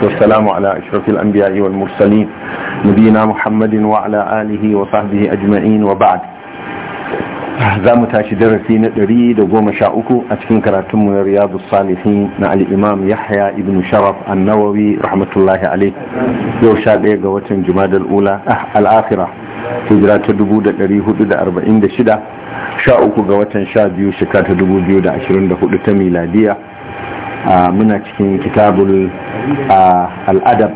والسلام على أشرف الأنبياء والمرسلين نبينا محمد وعلى آله وصحبه أجمعين وبعد za mu tashi darasi na ɗari da goma sha uku a cikin karatun mu na riyadu salihin na al'imam yahya ibn sharaf annawawi rahmatullahi alaih yau sha ɗaya ga watan jumadal ula al'akira hijira ta dubu da hudu da arba'in da shida sha uku ga watan sha biyu shekara ta dubu biyu da ashirin da hudu ta miladiya muna cikin kitabul al'adab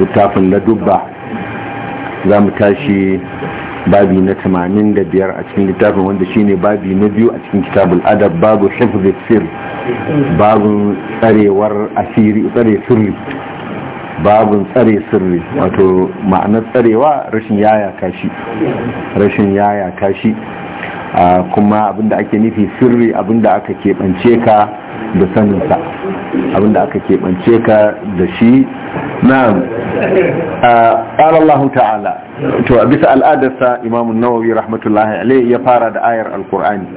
littafin ladubba za mu tashi babi na biyar a cikin littafin wanda shine babi na biyu a cikin kitabul adab babu hifz sir babu tsarewar asiri tsare sirri babun tsare sirri wato ma'anar tsarewa rashin yaya kashi rashin yaya kashi kuma abinda ake nufi sirri abinda aka keɓance ka da saninsa abinda aka keɓance ka da shi na'am ƙara Allah ta'ala to bisa al'adarsa imamun nawawi rahmatullahi alaihi ya fara da ayar alkur'ani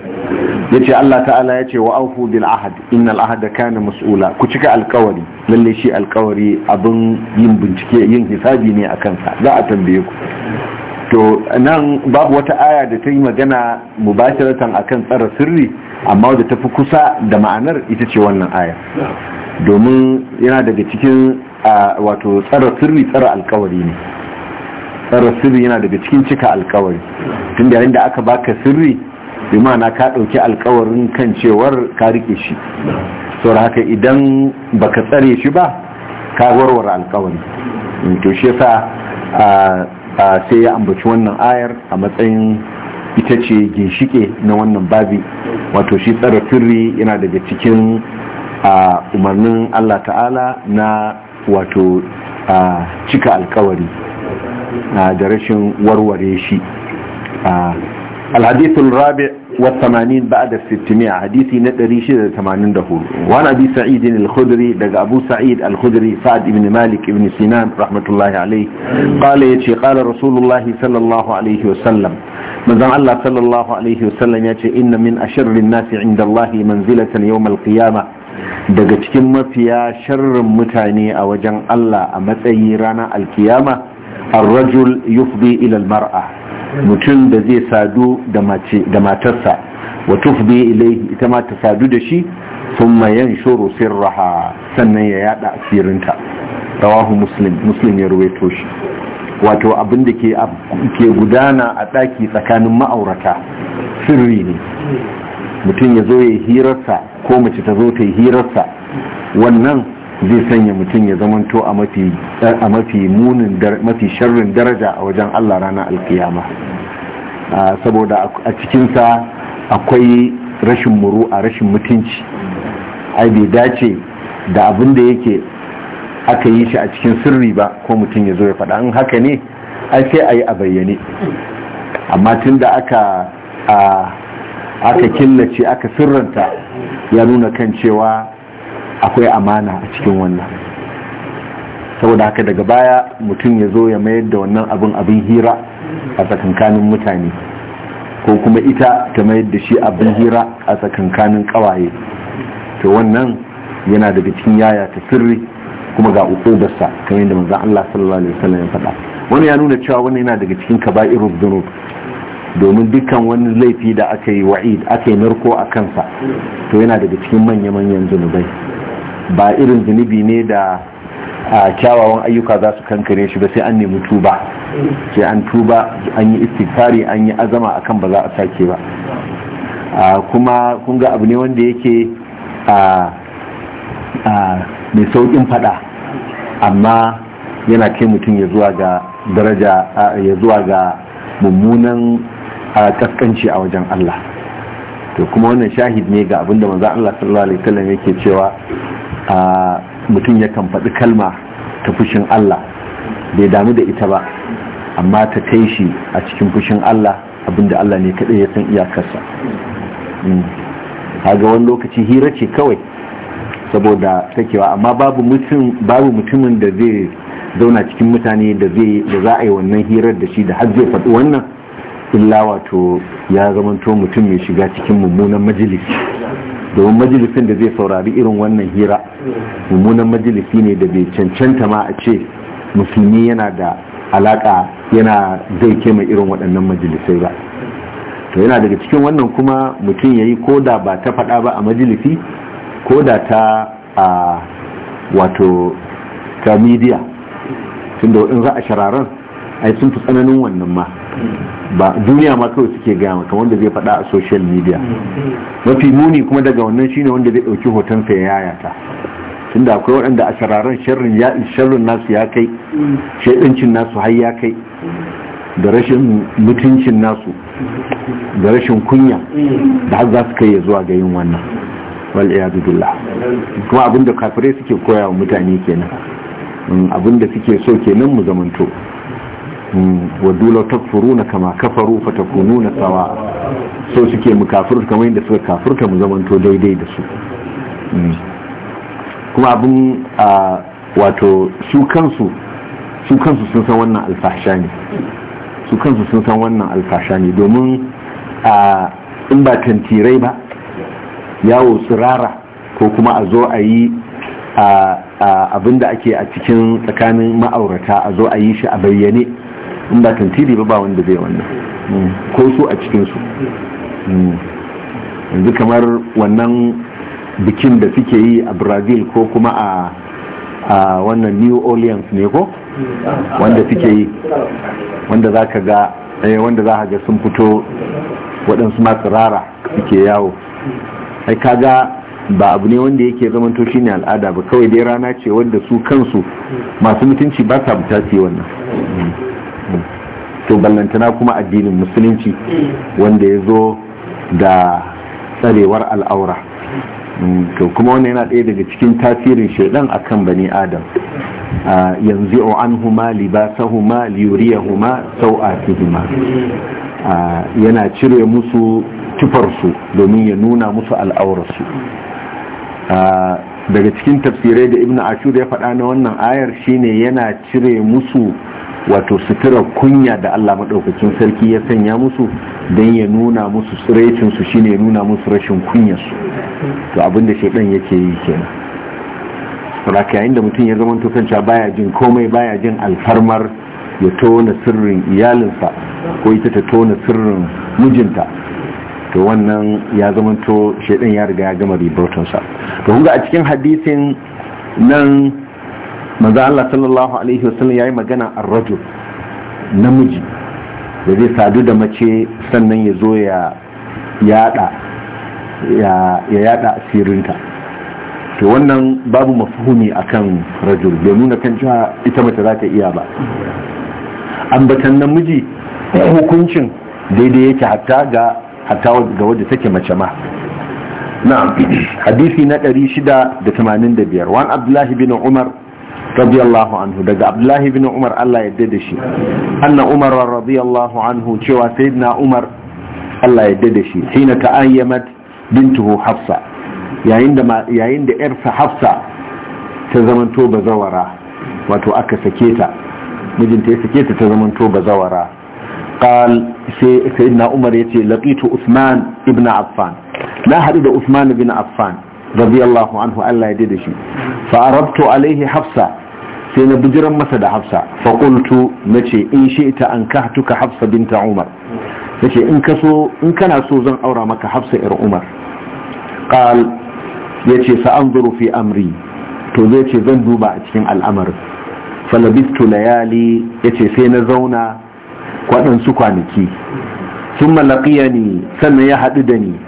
ya ce Allah ta'ala ya ce wa aufu bil ahad inna ahad kana mas'ula ku cika alkawari lalle shi alkawari abin yin bincike yin hisabi ne a kansa za a tambaye ku to nan babu wata aya da ta yi magana mubashiratan akan tsara sirri amma da ta fi kusa da ma'anar ita ce wannan aya domin yana daga cikin wato tsara sirri tsara alkawari ne tsara sirri yana daga cikin cika alkawari tun da da aka baka sirri bi ma'ana ka ɗauki alkawarin kan cewar ka rike shi saboda haka idan baka tsare shi ba ka warware alkawari to shi sai ya ambaci wannan ayar a matsayin ita ce ginshike na wannan babi wato shi tsara sirri yana daga cikin umarnin allah ta'ala na wato cika alkawari da rashin warware shi alhadithul rabi' والثمانين بعد الستمائة حديثي نتريش الثمانين دهول وعن أبي سعيد الخدري دق أبو سعيد الخدري سعد بن مالك بن سنان رحمة الله عليه قال يتي قال رسول الله صلى الله عليه وسلم من ذن الله صلى الله عليه وسلم يتي إن من أشر الناس عند الله منزلة يوم القيامة daga cikin mafiya sharrin mutane a wajen Allah a matsayi ranar alkiyama الرجل يفضي إلى المرأة mutum da zai sadu da matarsa wa tufbi ilaihi ita ma ta sadu da shi sun mayan shoro sirraha sannan ya yada asirinta rawahu muslim muslim ya ruwaito shi wato abin da ke gudana a ɗaki tsakanin ma'aurata sirri ne mutum ya zo ya hirarsa ko mace ta zo ta yi hirarsa wannan zai sanya mutum ya zamanto a mafi munin mafi sharrin daraja a wajen Allah rana alkiyama saboda a cikinsa akwai rashin muru a rashin mutunci ai bai dace da abin da yake aka yi shi a cikin sirri ba ko mutum ya zo ya faɗa in haka ne ai sai a yi a bayyane amma tun da aka aka killace aka sirranta ya nuna kan cewa akwai amana a cikin wannan saboda haka daga baya mutum ya zo ya mayar da wannan abin abin hira a tsakankanin mutane ko kuma ita ta mayar da shi abin hira a tsakankanin kawaye to wannan yana daga cikin yaya ta sirri kuma ga ukubarsa kamar yadda manzan Allah sallallahu alaihi wasallam ya faɗa wani ya nuna cewa wani yana daga cikin kaba'irun zunub domin dukkan wani laifi da aka yi wa'id aka yi narko a kansa to yana daga cikin manya-manyan zunubai ba irin zunubi ne da a kyawawan ayyuka za su kankare shi ba sai an nemi tuba sai an tuba an yi istighfari an yi azama akan ba za a sake ba kuma kun ga abu ne wanda yake mai saukin faɗa, amma yana kai mutum ya ya zuwa ga mummunan a kaskanci a wajen Allah to kuma wannan shahid ne ga abinda manzo Allah sallallahu alaihi wasallam yake cewa a mutum yakan faɗi kalma ta fushin Allah bai damu da ita ba amma ta kai shi a cikin fushin Allah abinda Allah ne kaɗai ya san iyakarsa haga hmm. wani lokaci hira ce kawai saboda takewa amma babu mutumin da zai zauna cikin mutane da za a yi wannan hirar da shi da har zai faɗi wannan illa wato ya zamanto mutum mai shiga cikin mummunan majalisi domin majalisin da zai saurari irin wannan hira mummunan majalisi ne da bai cancanta ma a ce musulmi yana da alaka yana zai kema irin waɗannan majalisai ba to yana daga cikin wannan kuma mutum ya yi koda ba ta faɗa ba a majalisi koda ta a wato ta midiya tunda waɗin za a shararan ai sun fi tsananin wannan ma ba duniya ma kawai suke gaya maka wanda zai faɗa a social media mafi muni kuma daga wannan shine wanda zai ɗauki hotonsa ya yayata tunda akwai waɗanda a shararan sharrin ya sharrin nasu ya kai shaidancin nasu har ya kai da rashin mutuncin nasu da rashin kunya da har za su kai ya zuwa ga yin wannan wal iyadu billah kuma abinda kafirai suke koyawa mutane kenan abinda suke so kenan mu zamanto waddu law takfuruna kama kafaru na sawa so suke mu kafirta kamar yadda suka kafirta mu zamanto daidai da su mm. kuma abin wato su kansu sun san wannan alfasha ne su kansu sun san wannan alfasha ne domin a in ba tantirai ba yawo tsirara ko kuma a zo a yi abin da ake a cikin tsakanin ma'aurata a zo a yi shi a bayyane in ba tantiri ba ba wanda zai wannan hmm. ko su a cikinsu hmm. yanzu kamar wannan bikin da suke yi a brazil ko kuma a wannan new orleans ne ko wanda suke yi wanda za ka ga eh, wanda za ka ga sun fito waɗansu masu rara suke yawo ai kaga ba abu ne wanda yake zamanto shine al'ada ba kawai dai rana ce wanda su kansu masu mutunci ba sa buta wannan hmm. to ballantana kuma addinin musulunci wanda ya zo da tsarewar al'aura mm, to kuma wannan yana ɗaya daga cikin tasirin shaidan a kan bani adam yanzu an huma libasahuma liyuriyahuma sau'atihima yana cire musu tufarsu domin ya nuna musu al'aurarsu daga cikin tafsirai da ibn ashur ya faɗa na wannan ayar shine yana cire musu wato sutura kunya da Allah maɗaukakin sarki ya sanya musu don ya nuna musu su shine ya nuna musu rashin kunyarsu to abinda shaidan yake yi kenan raka yayin da mutum ya zama tukanta baya jin komai baya jin alfarmar ya tona sirrin iyalinsa ko ita ta tona sirrin mijinta to wannan ya zama to shaidan ya riga ya gama ribotonsa to kuma a cikin hadisin nan manzo Allah sallallahu alaihi wasallam yayi magana ar-rajul namiji da zai sadu da mace sannan ya zo ya yada ya yada asirinta to wannan babu mafhumi akan rajul bai nuna kan cewa ita mace za ta iya ba ambatan namiji hukuncin daidai yake hatta ga hatta ga wadda take mace ma na hadisi na 685 wan abdullahi bin umar radiyallahu anhu daga abdullahi bin umar Allah ya da shi anna umar radiyallahu anhu cewa sayyidina umar Allah ya da shi hina ta'ayyamat bintuhu hafsa ta zamanto bazawara wato ya قال سيدنا عمر يتي لقيت عثمان ابن عفان لا حدد عثمان بن عفان رضي الله عنه يددشي فأردت عليه حفصة sai na bijiran masa da hafsa faƙultu na ce in shi ita an ka tuka hafsa binta umar na ce in kana so zan aura maka hafsa ir umar ƙal ya ce sa'an fi amri to zai ce zan duba a cikin al'amarin falabistu layali ya ce sai na zauna kwaɗansu kwanaki sun malaƙiya ne sannan ya haɗu da ni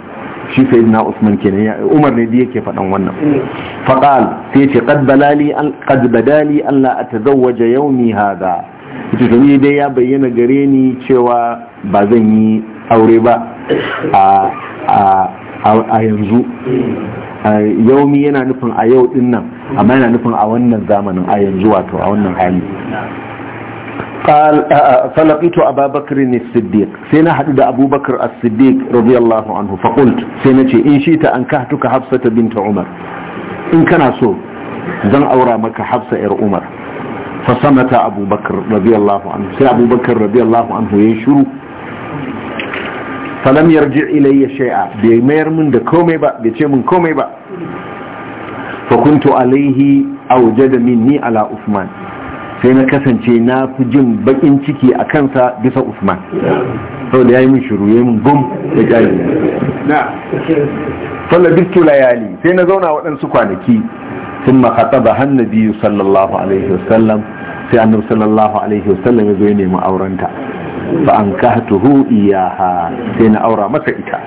shi sai na usman kenan umar ne da yake faɗan wannan faqal sai ce qad balali an qad badali an la atazawwaja yawmi hadha ita ni dai ya bayyana gare ni cewa ba zan yi aure ba a a yanzu yaumi yana nufin a yau din nan amma yana nufin a wannan zamanin a yanzu wato a wannan hali قال فلقيت أبا بكر الصديق سينا حدد أبو بكر الصديق رضي الله عنه فقلت سينا إن شئت أنكهتك حفصة بنت عمر إن كان سوء زن أورا مك حفصة إر عمر فصمت أبو بكر رضي الله عنه سي أبو بكر رضي الله عنه يشرو فلم يرجع إلي شيئا بيمير من دكومي با بيتشمن كومي با فكنت عليه أوجد مني على عثمان sai na kasance na fi jin bakin ciki a kansa bisa usman saboda ya yi min shiru ya yi min gum da jari sallar bistu layali sai na zauna waɗansu kwanaki sun makata ba hannabi sallallahu alaihi wasallam sai annabi sallallahu alaihi wasallam ya zo ya nemi aurenta Ba an ka kahtuhu iyaha sai na aura masa ita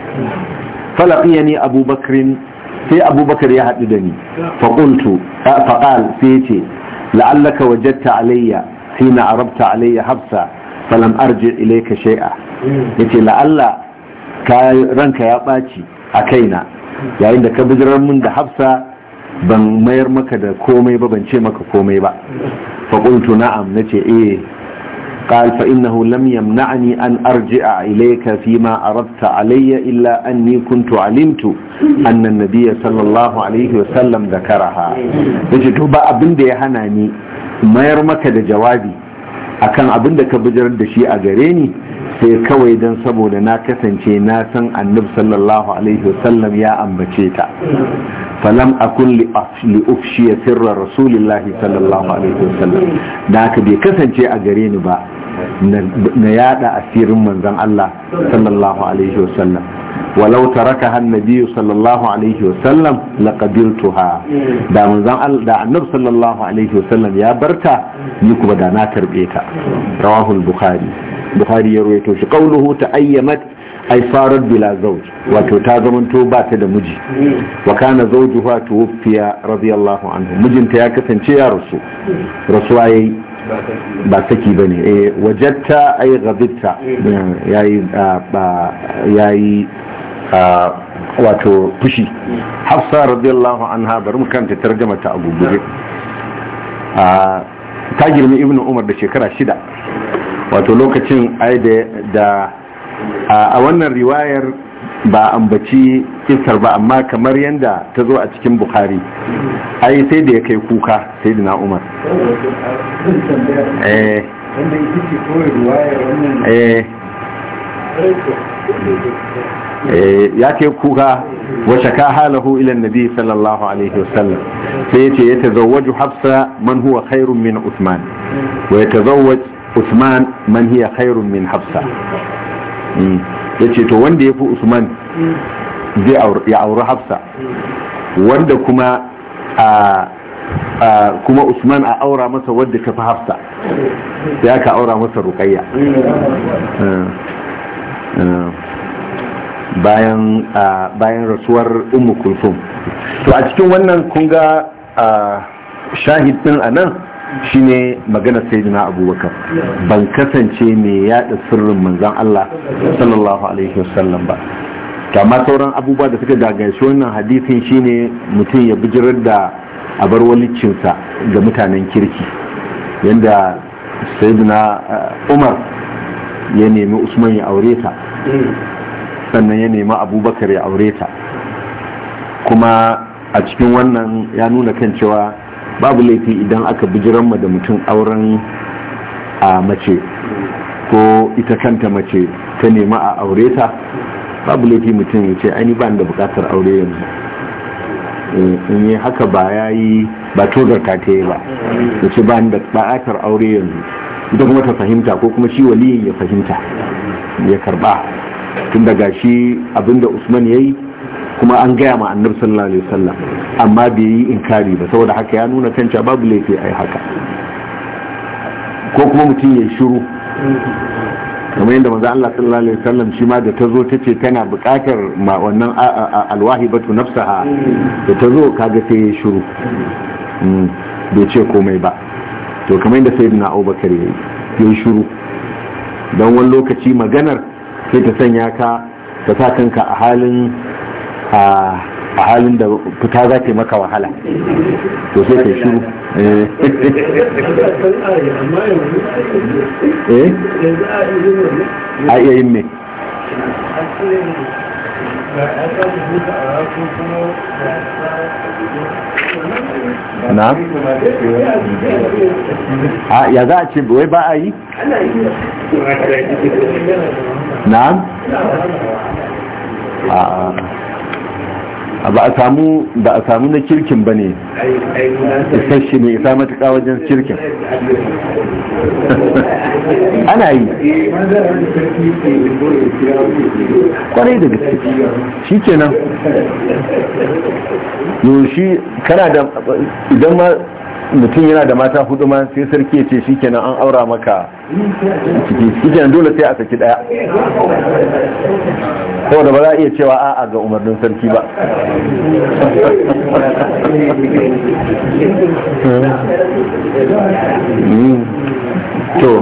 falaqiyani abubakrin sai abubakar ya haɗu da ni fa qultu fa qal ce la'allaka wajenta alayya hina arabta alayya hafsa falam arji ilayka shay'a yace la'alla ka ya baci a kaina yayin da ka bijirar mun da hafsa ban mayar maka da komai ba ban ce maka komai ba fa qultu na'am nace eh قال فإنه لم يمنعني أن أرجع إليك فيما أردت علي إلا أني كنت علمت أن النبي صلى الله عليه وسلم ذكرها يجب أبن دي هناني ما يرمك دا جوابي akan abin da ka bijirar da shi a gare ni sai kawai don saboda na kasance na san annab sallallahu alaihi wasallam ya ambace ta falam akun li ufshiya sirra rasulillahi sallallahu alaihi wasallam da aka bai kasance a gare ni ba na yada asirin manzon Allah sallallahu alaihi wasallam walau tarakaha annabi sallallahu alaihi wasallam laqabiltuha da manzon Allah da annabi sallallahu alaihi wasallam ya barta ni kuma da na tarbe ta rawahu al-bukhari bukhari ya rawaito shi qawluhu ta'ayyamat ai farar bila zauj wato ta zamanto ba ta da miji wa kana zawjuha tuwfiya radiyallahu anhu mijinta ya kasance ya rasu rasuwa yayi ba saki ba ne eh, wajatta ai gabitta ya yi wato fushi hmm. hafsa radiyallahu anha bari mu kanta tarjama ta agugure hmm. ta girmi ibn umar da shekara shida wato lokacin ai da a wannan riwayar ba ambaci kisar ba amma kamar yadda ta zo a cikin bukhari ai sai da ya kai kuka sai da na'umar eh. eh. eh, ya kai kuka wa shaka halahu ilan nabi sallallahu alaihi wasallam sai yace ya tazawwaju hafsa man huwa khairun min usman wa ya tazawwaj usman man hiya khairun min hafsa hmm. ya ce to wanda ya fi usman zai ya auri hafsa wanda kuma a kuma usman a aura masa wadda ta fi hafsa ya ka aura masa rukayya eh, eh, bayan bayan rasuwar umu kulsum to a cikin wannan kunga ga shahid din nan? shine magana sayyidina abubakar ban kasance mai yada sirrin manzon Allah sallallahu alaihi wasallam ba kama sauran abubuwa da suka shi wannan hadisin shine mutum ya bijirar da abar walicinsa ga mutanen kirki yadda sayyidina uh, umar ya nemi usman ya aure ta sannan ya nemi abubakar ya aure ta kuma a cikin wannan ya nuna kan cewa babu laifi idan aka bijiranma da mutum auren a mace ko ita kanta mace ta nema a aure ta babu laifi mutum ya ce aini ba da bukatar aure yanzu eh, in yi haka ba ya yi ba tozarta ta yi ba ya ce ba da bukatar aure yanzu ita kuma ta fahimta ko kuma shi waliyin ya fahimta ya karba tun daga shi abinda usman ya yi kuma an gaya ma annabi sallallahu alaihi wasallam amma bai yi inkari ba saboda haka ya nuna kanta babu laifi ai haka ko kuma mutum ya shiru kamar yadda manzo Allah sallallahu alaihi wasallam shi ma da tazo tace tana buƙatar ma wannan alwahibatu nafsaha da tazo kaga sai ya shiru hmm. bai ce komai ba to kamar yadda sayyidina Abubakar yayi ya shiru dan wani lokaci maganar sai ta sanya ka ta sa kanka a halin a halin da fita za ta maka wahala to sai ka shiru eh. Eh? a iya yin na a ya za a ce wai ba a yi na a ba a samu ba a samu na kirkin ba ne isasshe ne isa matuƙa wajen kirkin ana yi kwarai da gaske shi kenan yau shi kana da idan ma mutum yana da mata hudu ma sai sarki ya ce kenan an aura maka ciki kenan dole sai a saki daya saboda ba za a iya cewa a ga umarnin sarki ba to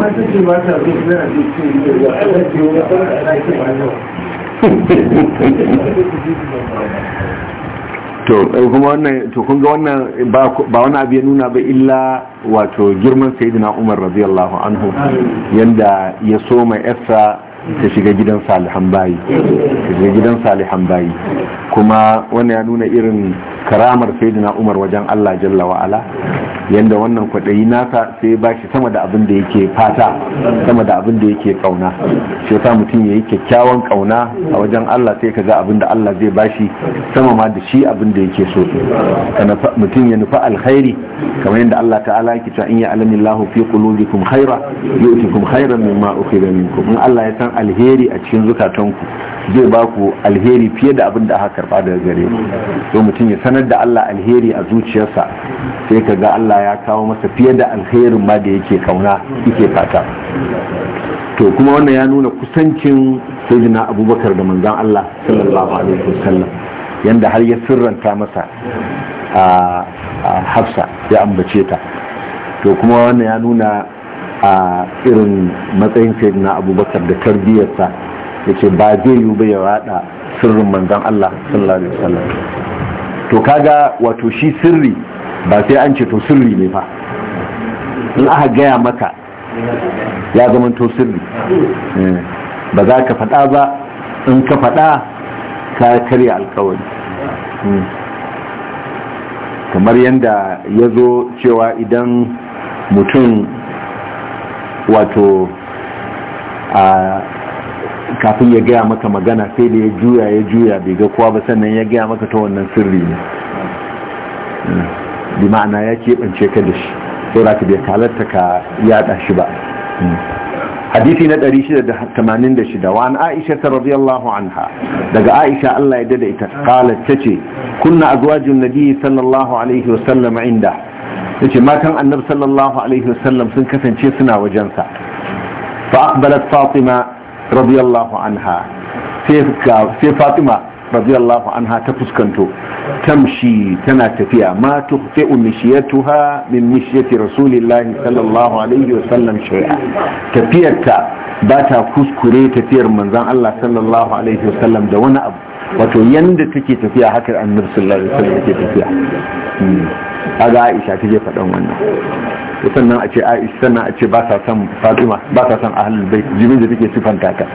to eh, kuma wannan to kun ga wannan ba wani abu ya nuna ba illa wato girman sayyidina Umar radiyallahu anhu yanda ya soma yasa ta shiga gidan salihan bayi ta shiga gidan salihan bayi kuma wannan ya nuna irin karamar saidina umar wajen allah jalla wa'ala yadda wannan kwaɗayi nasa sai ba shi sama da abin da yake fata sama da abin da yake kauna shi yasa mutum ya yi kyakkyawan kauna a wajen allah sai ka ga abin da allah zai ba shi sama ma da shi abin da yake so mutum ya nufa alkhairi kamar yadda allah ta'ala yake cewa in ya alamin lahu fi qulubikum khaira yu'tikum khairan mimma ukhidha minkum in allah ya san alheri a cikin zukatanku zai ba ku alheri fiye da abin da aka karba daga gare ku so mutum ya sanar da Allah alheri a zuciyarsa sai ka ga Allah ya kawo masa fiye da alherin ma da yake kauna yake fata to kuma wannan ya nuna kusancin sayyidina abubakar da manzon Allah sallallahu alaihi wasallam yanda har ya sirranta masa a hafsa ya ambace ta to kuma wannan ya nuna a irin matsayin na abubakar da tarbiyyarsa ya ce ba zai yiwu ba ya rada sirrin manzan Allah sallallahu alaihi wasallam to kaga wato shi sirri ba sai an ce to sirri ne fa in aka gaya maka ya zama to sirri eh, ba za ka faɗa ba in ka faɗa ka karya alkawari hmm. kamar yadda ya zo cewa idan mutum wato a kafin ya gaya maka magana sai da ya juya ya juya bai ga kowa ba sannan ya gaya maka ta wannan sirri ne hmm. bi ma'ana ya keɓance ka da shi sai za ka bai kalarta ka yada shi ba hmm. hadisi na 686 wa an aisha ta radiyallahu anha daga aisha Allah ya dada ita ta ce, kunna azwajun nabi sallallahu alaihi wasallam inda yace matan annabi sallallahu alaihi wasallam sun kasance suna wajensa fa aqbalat fatima radiyallahu anha sai fatima radiyallahu anha ta fuskanto tamshi tana tafiya ma tuqti mishiyatuha min sallallahu alaihi wasallam shay'a tafiyarta ba ta kuskure tafiyar manzon Allah sallallahu alaihi wasallam da wani abu wato yanda take tafiya haka annabi sallallahu alaihi wasallam tafiya hmm. kaga aisha take faɗan wannan sannan a ce aisha sannan a ce ba sa son fatima ba sa san ahlul bait jibin da take sifanta ta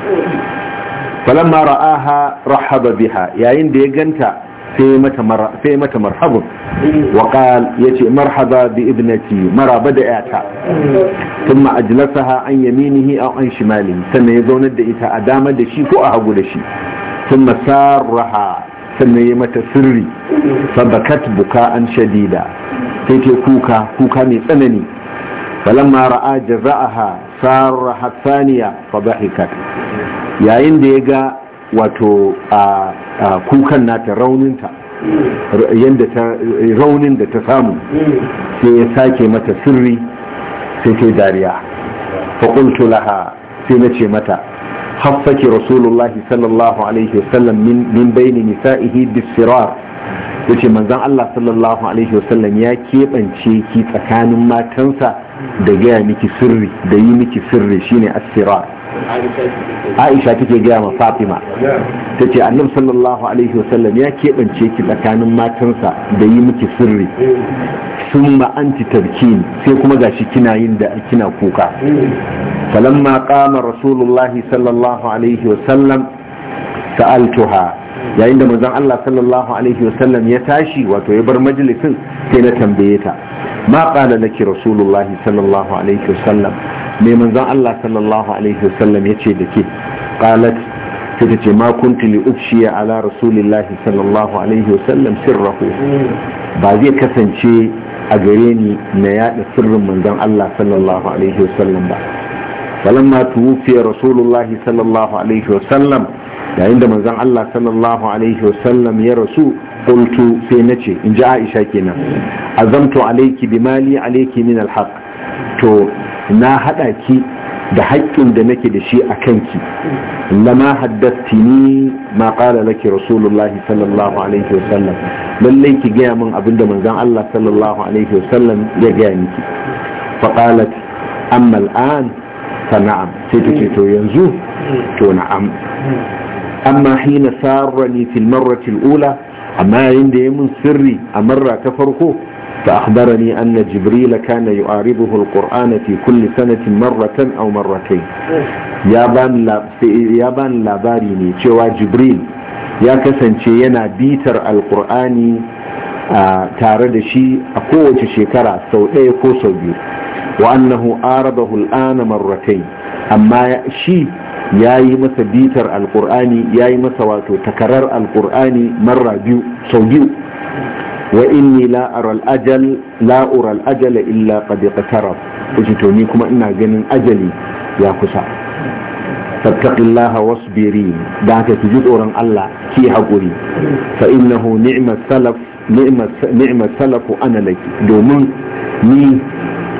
falamma ra'aha rahaba biha yayin da ya ganta sai mata marhaba sai mata marhabun wa qal yace marhaba bi ibnati maraba da yata kuma ajlasaha an yaminihi aw an shimalihi sannan ya zaunar da ita a dama da shi ko a hagu da shi kuma sarraha sannan ya mata sirri fabakat buka an shadida sai ta kuka kuka mai tsanani ma ra'a jaza'aha sarra hassaniya fabahikat yayin da ya ga wato a kukan nata rauninta yadda ta raunin da ta samu sai ya sake mata sirri sai ta dariya faƙuntu laha sai na ce mata haffaki rasulullahi sallallahu alaihi wasallam min baini nisa'ihi bisirar ya yace manzan Allah sallallahu alaihi wasallam ya keɓance ki tsakanin matansa da gaya miki sirri da yi miki sirri shine asirar aisha take gaya ma fatima ta ce annabi sallallahu alaihi wasallam ya keɓance ki tsakanin matansa da yi miki sirri sun ma'anti tarkin sai kuma gashi kina yin da kina kuka ma qama rasulullahi sallallahu alaihi wasallam sa'altuha yayin da manzon Allah sallallahu alaihi wasallam ya tashi wato ya bar majalisin sai na tambaye ta ma qala laki rasulullahi sallallahu alaihi wasallam me manzon Allah sallallahu alaihi wasallam yace da ke qalat sai ta ce ma kuntu li ufshiya ala rasulillahi sallallahu alaihi wasallam sirrahu ba zai kasance a gare ni na yada sirrin manzon Allah sallallahu alaihi wasallam ba falamma tuwfiya rasulullah sallallahu alaihi wasallam yayin da manzon Allah sallallahu alaihi wasallam ya rasu qultu sai na ce in ji Aisha kenan azamtu alayki bimali alayki min alhaq to na hada ki da haƙƙin da nake da shi a kanki lama haddasti ni ma ƙara laki rasulullahi sallallahu alaihi wasallam lallai ki gaya min abin da manzon Allah sallallahu alaihi wasallam ya gaya miki faqalat amma al'an fa na'am sai ta ce to yanzu to na'am amma hina sarrani fil marrati al-ula amma yayin da ya mun sirri a marra ta farko فأخبرني أن جبريل كان يعارضه القرآن في كل سنة مرة أو مرتين يابان لا يابان لاباريني cewa Jibril ya kasance yana bitar alkur'ani tare da shi a kowace shekara sau ɗaya ko sau biyu wa annahu aradahu al'ana marratain amma shi ya yi masa bitar alkur'ani ya yi masa wato takarar alkur'ani marra biyu sau biyu wa inni la aral ajal la ajala illa qad iqtarab kace to ni kuma ina ganin ajali ya kusa fattaqillaha wasbirin da haka ki ji tsoron Allah ki hakuri fa innahu ni'mat salaf ni'mat salafu ana laki domin ni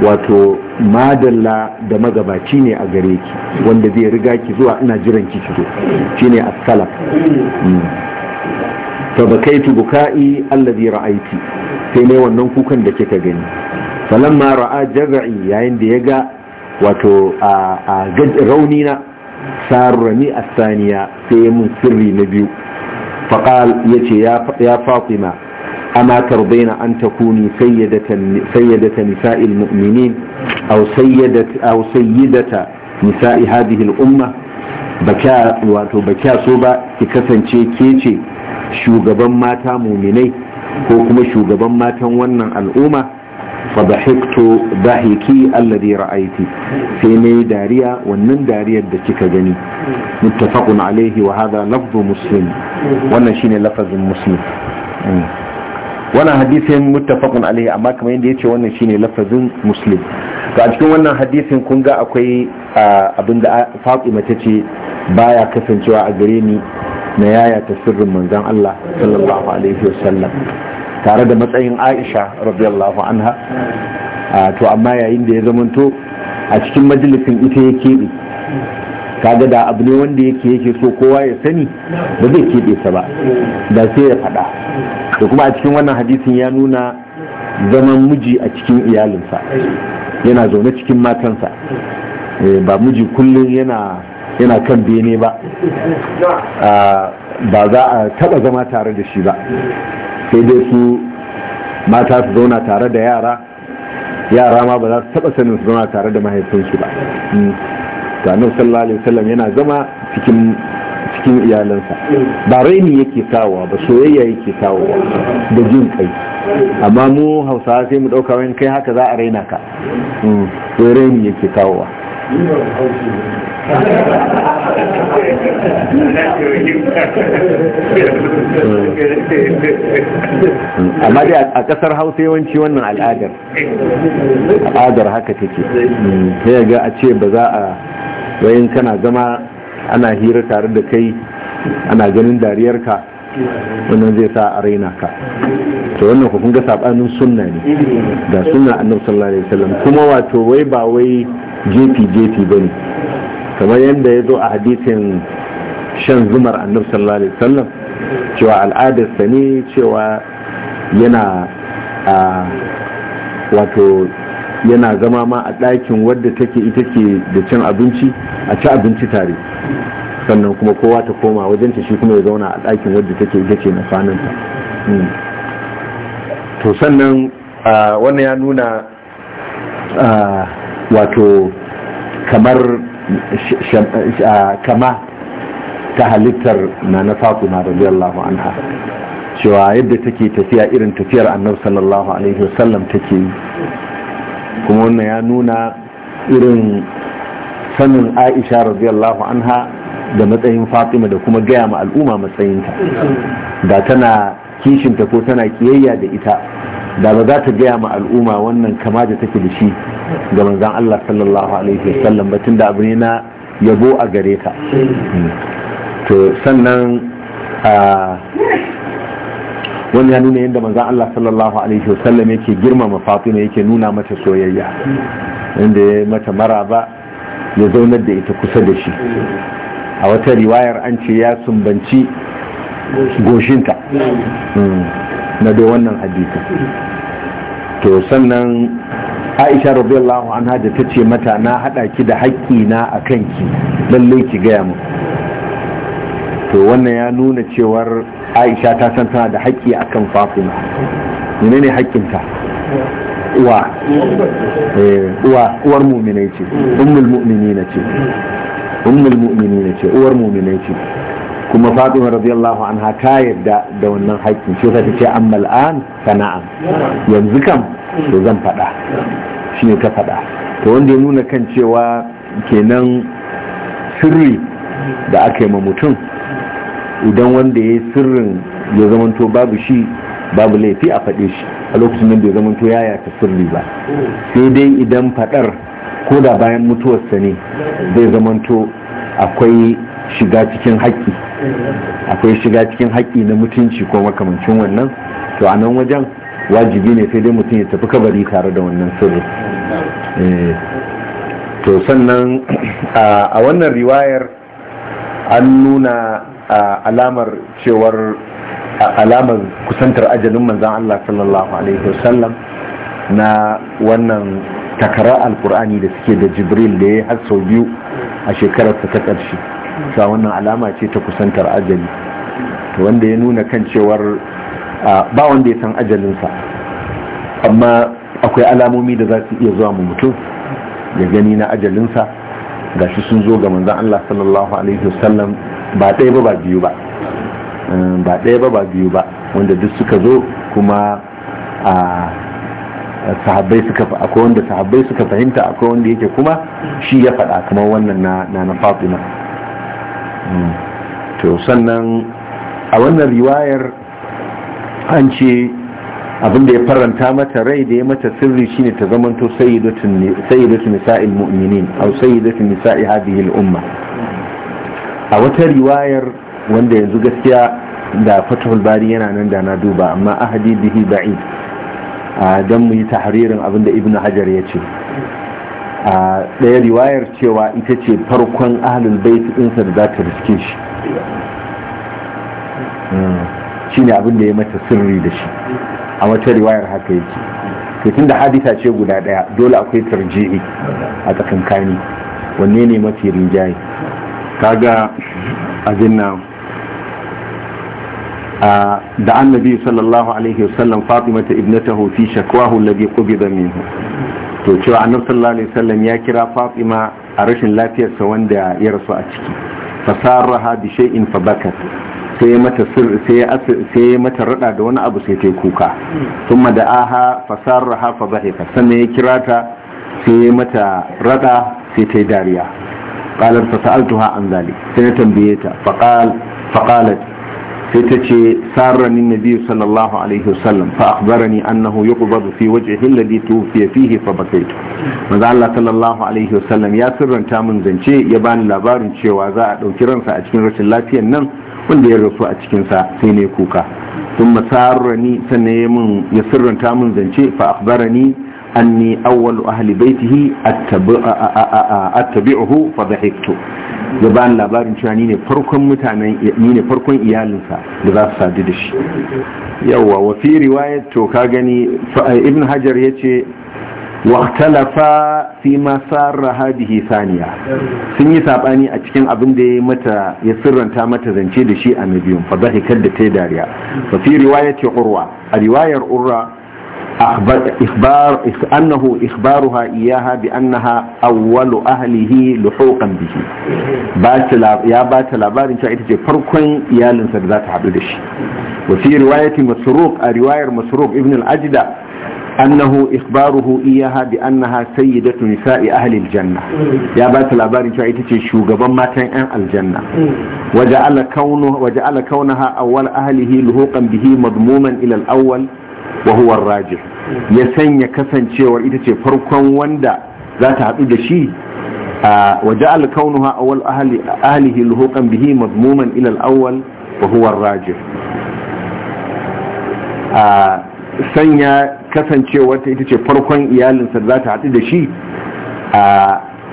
wato madalla da magabaci ne a gare ki wanda zai riga ki zuwa ina jiran ki ki zo shine as-salaf hmm. fa bakaitu buka'i alladhi ra'aiti sai ne wannan kukan da kika gani falamma ra'a jaz'i yayin da ya ga wato a rauni a saniya asaniya sai mun sirri na biyu faqal yace ya fatima أما ترضين أن تكوني سيدة, سيدة نساء المؤمنين أو سيدة, أو سيدة نساء هذه الأمة بكاء واتو بكاء صوبة كسن شيء كيشي shugaban mata muminai ko kuma shugaban matan wannan al'umma fadahiktu dahiki alladhi ra'aiti sai ne dariya wannan dariyar da kika gani muttafaqun Alayhi wa hadha lafzu muslim wannan shine lafazin muslim hmm. wannan hadisin muttafaqun Alayhi amma kamar yadda yace wannan shine lafazin muslim to a cikin wannan hadisin kun ga akwai ah, abinda Fatima tace baya kasancewa a gare ni na yaya ta sirrin manzon Allah sallallahu alaihi wasallam tare da matsayin Aisha radiyallahu anha to amma yayin da ya zamanto a cikin majalisin ita ya keɓe kaga da abu ne wanda yake yake so kowa ya sani ba zai keɓe sa ba da sai ya faɗa da kuma a cikin wannan hadisin ya nuna zaman miji a cikin iyalinsa yana zaune cikin matansa eh, ba miji kullum yana yana kan bene ba ba za a taba zama tare da shi ba sai dai su mata su zauna tare da yara yara ma ba za su taba sanin su zauna tare da mahaifinsu ba hmm. to sallallahu alaihi yana zama cikin cikin iyalansa ba raini yake kawowa ba soyayya yake kawowa da jin kai amma mu hausawa sai mu dauka wani kai haka za a raina ka to hmm. raini yake kawowa amma dai a kasar hausa yawanci wannan al'adar al'adar haka take sai ga a ce ba za a kana zama ana hira tare da kai ana ganin dariyarka wannan zai sa a raina ka to wannan kun ga sabanin sunna ne da sunna annabi sallallahu alaihi wasallam kuma wato wai ba wai jefi jefi bane kamar yadda ya zo a hadisin shan zumar annabi sallallahu alaihi wasallam cewa al'adarsa ne cewa yana a wato yana zama ma a ɗakin wadda take ita ke da cin abinci a ci abinci tare sannan kuma kowa ta koma wajen ta shi kuma ya zauna a ɗakin wadda take ita ce na kwananta hmm. to sannan wannan ya nuna wato kamar Ah, kama ta halittar na na fatima radiyallahu anha cewa yadda take tafiya irin tafiyar annabi sallallahu alaihi wasallam take yi kuma wannan ya nuna irin sanin aisha radiyallahu anha da matsayin fatima da kuma gaya ma al'umma matsayinta da tana kishinta ko tana kiyayya da ita da ba za ta gaya ma al'umma wannan kama da take da shi ga manzan Allah sallallahu alaihi wasallam ba tunda abu ne na yabo a gare ka hmm. to sannan wani ya nuna yadda manzan Allah sallallahu alaihi wasallam yake girmama Fatima yake nuna mata soyayya inda ya mata maraba ya zaunar da ita kusa da shi a wata riwayar an ce ya sumbanci goshinta na da wannan hadisi to sannan aisha radiyallahu anha da ta ce mata na hada ki da haƙƙi na a kanki lallai ki gaya mu to wannan ya nuna cewar aisha ta san tana da haƙƙi a kan fatima ne ne haƙƙinta uwa eh, uwa uwar muminai ce ummul mu'minina ce ce uwar muminai ce kuma fatima radiyallahu anha ta yadda da wannan haƙƙin ce ta ce an mal'an sana'a yanzu kam to zan faɗa shi ne ta faɗa Ta wanda ya nuna kan cewa kenan sirri da aka yi ma mutum idan wanda ya yi sirrin ya zamanto babu shi babu laifi a faɗe shi a lokacin nan bai zamanto ya yata sirri ba sai dai idan faɗar ko da bayan mutuwarsa ne zai zamanto akwai shiga cikin haƙƙi akwai shiga cikin haƙƙi na mutunci ko makamancin wannan to a nan wajen wajibi ne sai dai mutum ya tafi kabari tare da wannan sirri eh. to sannan a wannan riwayar an nuna alamar cewar alamar kusantar ajalin manzan Allah sallallahu alaihi wasallam na wannan takara alkur'ani da suke da jibril da ya har sau biyu a shekararsa ta ƙarshe sa wannan alama ce ta kusantar ajali to wanda ya nuna kan cewar ba wanda ya san ajalinsa amma akwai alamomi da za su iya zuwa mu mutum ya gani na ajalinsa ga shi sun zo ga manzan Allah sallallahu alaihi wasallam ba ɗaya ba ba biyu ba uhm, ba ɗaya ba ba biyu ba wanda duk suka zo kuma a sahabbai suka akwai wanda sahabbai suka fahimta akwai wanda yake kuma shi ya faɗa kamar wannan na na Fatima to sannan a wannan riwayar an ce abinda ya faranta mata rai da ya mata sirri shine ta zamanto sayyidatu nisa'il mu'minin aw sayyidatu nisa'i hadhihi al-umma a wata riwayar wanda yanzu gaskiya da fatahul bari yana nan da na duba amma ahadi bihi ba'id dan mu yi tahririn abinda ibnu hajar ya ce a ɗaya riwayar cewa ita ce farkon ahalul su insa da za ta riske shi hmm. shi ne abin da ya mata sirri da shi a wata riwayar haka yake to tun da hadisa ce guda ɗaya dole akwai tarji'i a tsakankani wanne ne mafi rinjaye kaga abin nan da annabi sallallahu alaihi wasallam fatimata ibnatahu fi shakwahu alladhi qubida minhu to cewa annabi sallallahu alaihi wasallam ya kira Fatima a rashin lafiyarsa wanda ya rasu a ciki fasaraha bi shay'in fabakat sai ya mata sir sai ya sai ya mata rada da wani abu sai ta kuka thumma da aha fasaraha fa dhahika sannan ya kira ta sai ya mata rada sai ta dariya qalat fa sa'altuha an dhalik sai na tambaye ta faqal faqalat sai ta ce sarrani nabi sallallahu alaihi wasallam fa akhbarani annahu yuqbadu fi wajhihi alladhi tufiya fihi fa bakaitu manzo Allah sallallahu alaihi wasallam ya sirranta min zance ya bani labarin cewa za a dauki ransa a cikin rashin lafiyar nan wanda ya rasu a cikin sa sai ne kuka thumma sarrani sannan ya min ya sirranta min zance fa akhbarani anni awwalu ahli baitihi attabi'uhu fa dhahiktu ya bani labarin cewa ni ne farkon mutanen ni ne farkon iyalinsa da za su sadu da shi Yau wa fi riwayat ka gani ibn hajar yace waktalafa fi ma sarra hadihi saniya sun yi saɓani a cikin abin da ya mata sirranta mata zance da shi a nabiyun fa dhahikar da ta dariya fa fi riwayat urwa a riwayar urwa إخبار أنه إخبارها إياها بأنها أول أهله لحوقا به يا بات الأبار إن شاءت فرقين يا لنسدات عبدش وفي رواية مسروق رواية مسروق ابن الأجدى أنه إخباره إياها بأنها سيدة نساء أهل الجنة يا بات الأبار إن شاءت شوقبا ما كان الجنة وجعل, كونه وجعل كونها أول أهله لحوقا به مضموما إلى الأول wa huwa rajih ya sanya kasancewar ita ce farkon wanda za ta haɗu da shi wa ja'al kaunuha awwal ahli ahlihi luhuqan bihi madmuman ila al wa huwa rajih sanya kasancewar ta ita ce farkon iyalinsa za ta haɗu da shi a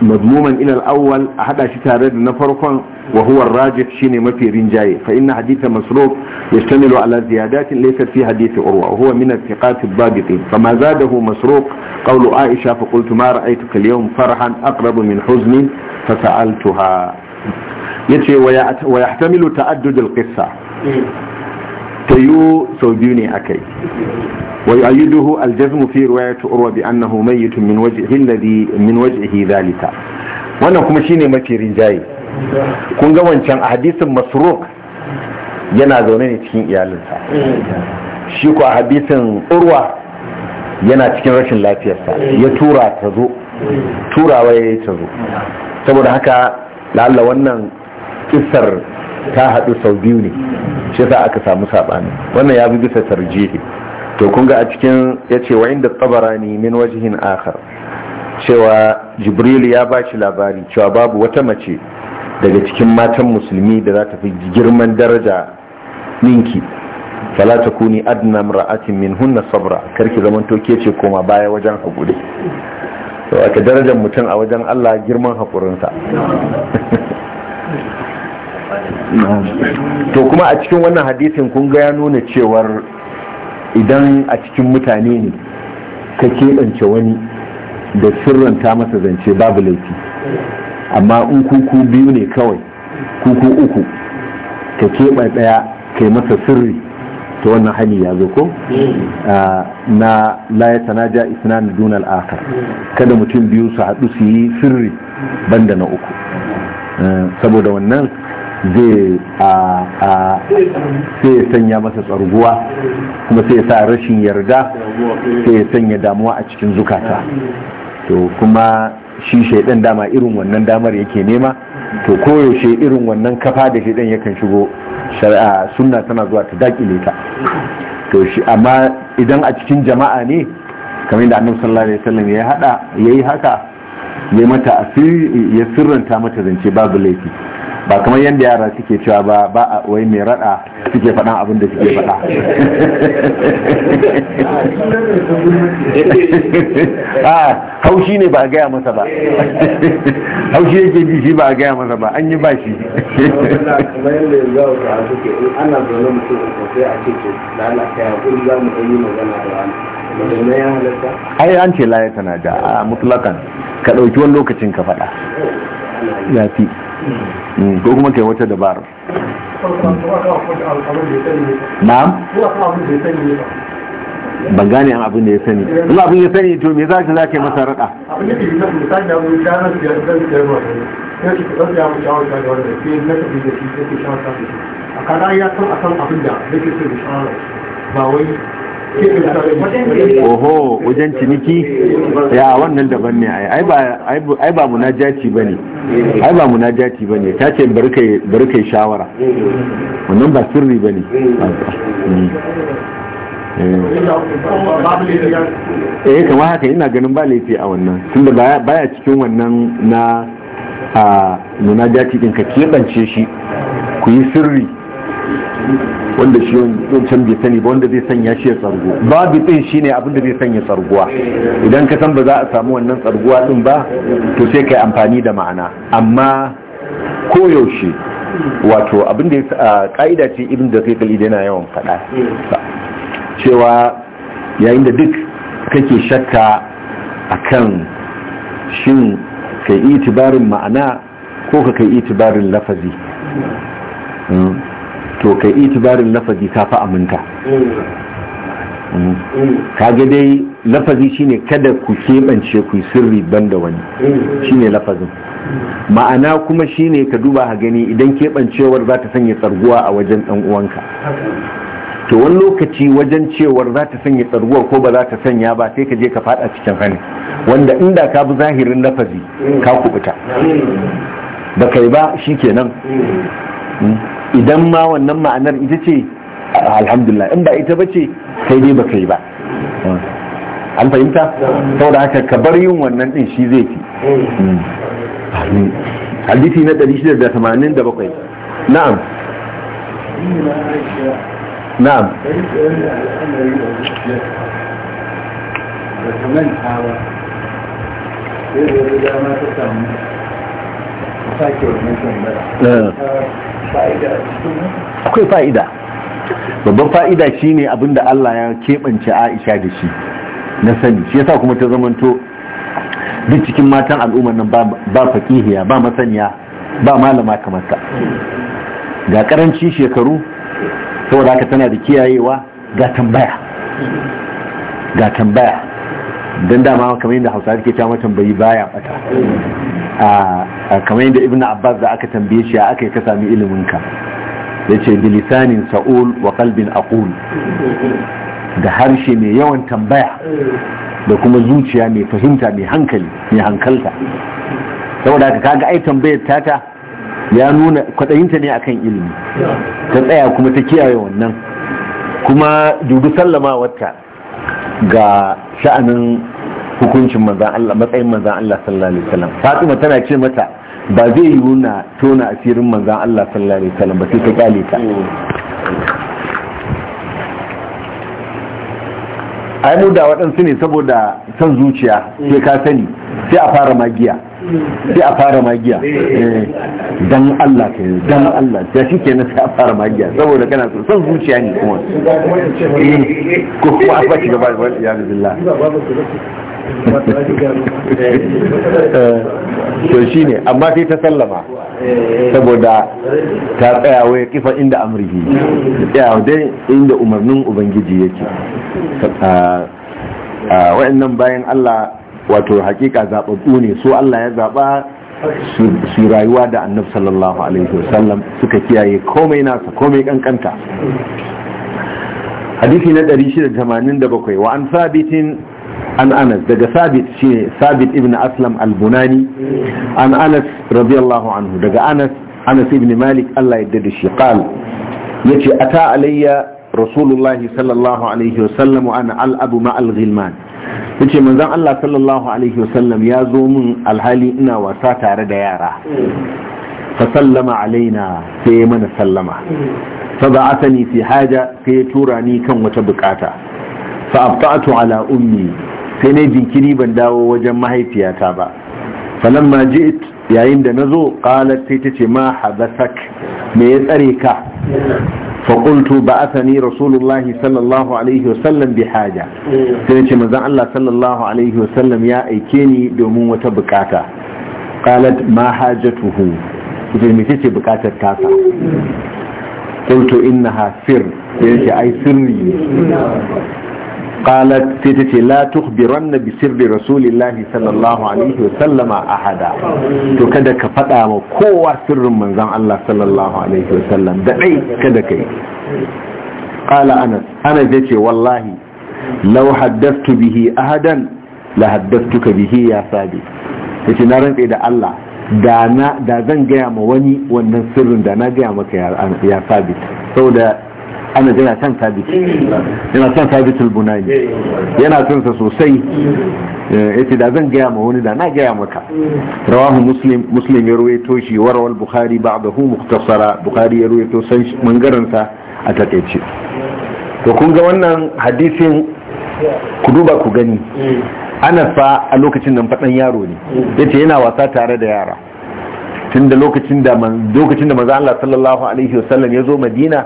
mazmuman ilal awwal a haɗa shi tare da na farkon وهو الراجح شيني ما في رنجاي فإن حديث مسروق يشتمل على زيادات ليست في حديث عروة وهو من الثقات الضابطين فما زاده مسروق قول عائشة فقلت ما رأيتك اليوم فرحا أقرب من حزن ففعلتها يتي ويحتمل تعدد القصة تيو سوديوني أكي ويؤيده الجزم في رواية أروى بأنه ميت من وجهه الذي من وجهه ذلك وأنا كما شيني ما في رنجاي kun ga wancan a hadisin masruk yana zaune ne cikin iyalinsa shi ko a hadisin urwa yana cikin rashin lafiyarsa ya tura ta zo turawa ya yi ta zo saboda haka lalla wannan kisar ta haɗu sau biyu ne shi sa aka samu saɓani wannan ya bi bisa tarjihi to kun ga a cikin ya ce wa inda ne min wajihin akhar cewa jibril ya ba shi labari cewa babu wata mace daga cikin matan musulmi da za ta fi girman daraja ninki fala ta kuni adna ra'atin min hunna sabra karki zaman to ke ce koma baya wajen haƙuri to aka darajar mutum a wajen Allah girman haƙurinsa to kuma a cikin wannan hadisin kun ga ya nuna cewar idan a cikin mutane ne ka ke wani da sirrin ta masa zance babu laifi amma in kuku biyu ne kawai kuku uku ka keɓe ɗaya kai masa sirri ta wannan hani ya zo ko hmm. ah, na layata na ja isna na duna akhar hmm. kada mutum biyu su haɗu su yi sirri banda na uku eh, saboda wannan zai a sai ya sanya masa tsarguwa kuma sai ya sa rashin yarda eh. sai ya sanya damuwa a cikin zukata hmm. to kuma shi shaidan dama irin wannan damar yake nema to koyaushe irin wannan kafa da shaidan yakan shigo shari'a sunna tana zuwa ta daƙile ta to shi amma idan a cikin jama'a ne kamar da annabi sallallahu alaihi wasallam ya hada yayi haka ya mata asiri ya sirranta mata zance babu laifi ba kamar yadda yara suke cewa ba ba a wai mai rada suke faɗan abin da suke faɗa a ah, haushi ne ba a gaya masa ba haushi yake ke shi ba a gaya masa ba an yi ba shi a ai an ce layata na da a mutlakan ka ɗauki wani lokacin ka faɗa ya fi Hmm, ko kuma kai wata dabar. na'am gane an abin da ya sani in abin ya sani to me za ka da. ke yi a kada ya san a san abin da nake so da shawara ba wai oho wajen ciniki ya wannan daban ne ai ba munajaci ba ne ai ba munajaci ba ne ta ce barkai shawara wannan ba sirri ba ne eh, eh kama haka ina ganin ba laifi a wannan tunda baya cikin wannan na a munajaci din ka keɓance shi ku yi sirri wanda shi wancan bai sani ba wanda zai sanya shi ya tsargo babu din ne abin da zai sanya tsarguwa idan ka san ba za a samu wannan tsarguwa din ba to sai kai amfani da ma'ana amma koyaushe wato abin da ka'ida ce irin da kai kalli yana yawan faɗa cewa yayin da duk kake shakka akan shin kai itibarin ma'ana ko ka kai itibarin lafazi hmm. to kai itibarin lafazi ka fa aminta ga dai lafazi shine kada ku keɓance ku sirri banda wani shine lafazin ma'ana kuma shine ka duba ha gani idan keɓancewar za ta sanya tsarguwa a wajen ɗan uwanka to wani lokaci wajen cewar za ta sanya tsarguwar ko ba za ta sanya ba sai ka je ka fada cikin hannu wanda inda ka bi zahirin lafazi ka kubuta ba kai ba shikenan idan ma wannan ma'anar ita ce alhamdulillah in ba ita bace sai dai baka yi ba an fahimta saboda haka ka bar yin wannan din shi zai fi hadisi na 687 na'am na'am da akwai fa'ida babban fa'ida shi shine abinda Allah ya keɓance Aisha da shi na sani shi yasa kuma ta zamanto duk cikin matan al'ummar nan ba fakihiya ba masaniya ba malama kamar ta ga karanci shekaru saboda haka tana da kiyayewa ga tambaya ga tambaya don dama kamar yadda hausa ke ta tambayi baya bata kamar yadda ibn abbas da aka tambaye shi aka yi ka sami ka ya ce bilisanin sa'ul wa kalbin aqul da harshe mai yawan tambaya da kuma zuciya mai fahimta mai hankali mai hankalta saboda haka kaga ai tambayar tata ya nuna kwaɗayinta ne akan ilimi ta tsaya kuma ta kiyaye wannan kuma dubi sallamawarta ga sha'anin hukuncin manzan matsayin manzan Allah sallallahu alaihi wasallam Fatima tana ce mata ba zai yi na tona asirin manzan Allah sallallahu alaihi wasallam ba sai ta kyale ta ai mu da waɗansu ne saboda son zuciya sai ka sani sai a fara magiya sai a fara magiya eh, dan Allah ka yi dan Allah da shi ke sai a fara magiya saboda kana so son zuciya ne kuma eh, ko kuma a fashi gaba da ya billah eh, to shi ne amma sai ta sallama saboda ta tsaya waya kifa inda amurki tsaya dai inda umarnin ubangiji yake ah, ah, nan bayan Allah wato hakika zaɓaɓɓu ne su Allah ya zaɓa su rayuwa da annab sallallahu alaihi wasallam suka kiyaye komai nasa komai kankanta hadisi na 687 wa an sabitin an anas daga sabit shine sabit ibn aslam al-bunani an anas radiyallahu anhu daga anas anas ibn malik Allah ya da shi qal yace ata alayya rasulullahi sallallahu alaihi wasallam an al'abu ma'al ghilman yace manzon Allah sallallahu alaihi wasallam ya zo min alhali ina wasa tare da yara fa sallama alaina sai ya mana sallama fa ba'athani fi haja sai ya tura ni kan wata bukata fa abta'tu ala ummi sai na jinkiri ban dawo wajen mahaifiyata ba falamma ji'it yayin da na zo ƙalar sai ta ce ma habasak me ya tsare ka faƙultu ba a sani rasulullahi sallallahu alaihi wasallam bi haja sai na ce mazan Allah sallallahu alaihi wasallam ya aike ni domin wata bukata ƙalar ma haja tuhu ita me ce bukatar tasa قلت إنها سر ce ai sirri. qalat sai ta ce la tukhbiranna bi sirri rasulillahi sallallahu alaihi wasallama ahada to kada ka faɗa ma kowa sirrin manzon Allah sallallahu alaihi wasallam da dai kada kai qala anas anas yace wallahi law haddathtu bihi ahadan la haddathtuka bihi ya sabi yace na da Allah da na da zan gaya ma wani wannan sirrin da na gaya maka ya sau da. amma yana son sabit yana son sabitul bunani yana son sa sosai eh, yace da zan gaya ma wani da na gaya maka rawahu muslim muslim ya ruwaito shi wa rawal bukhari ba'dahu mukhtasara bukhari ya ruwaito san mangaran sa a takeice to kun ga wannan hadisin ku duba ku gani ana fa a lokacin nan fadan yaro ne yace yana wasa tare da yara tun da lokacin da lokacin da manzo Allah sallallahu alaihi wasallam ya zo Madina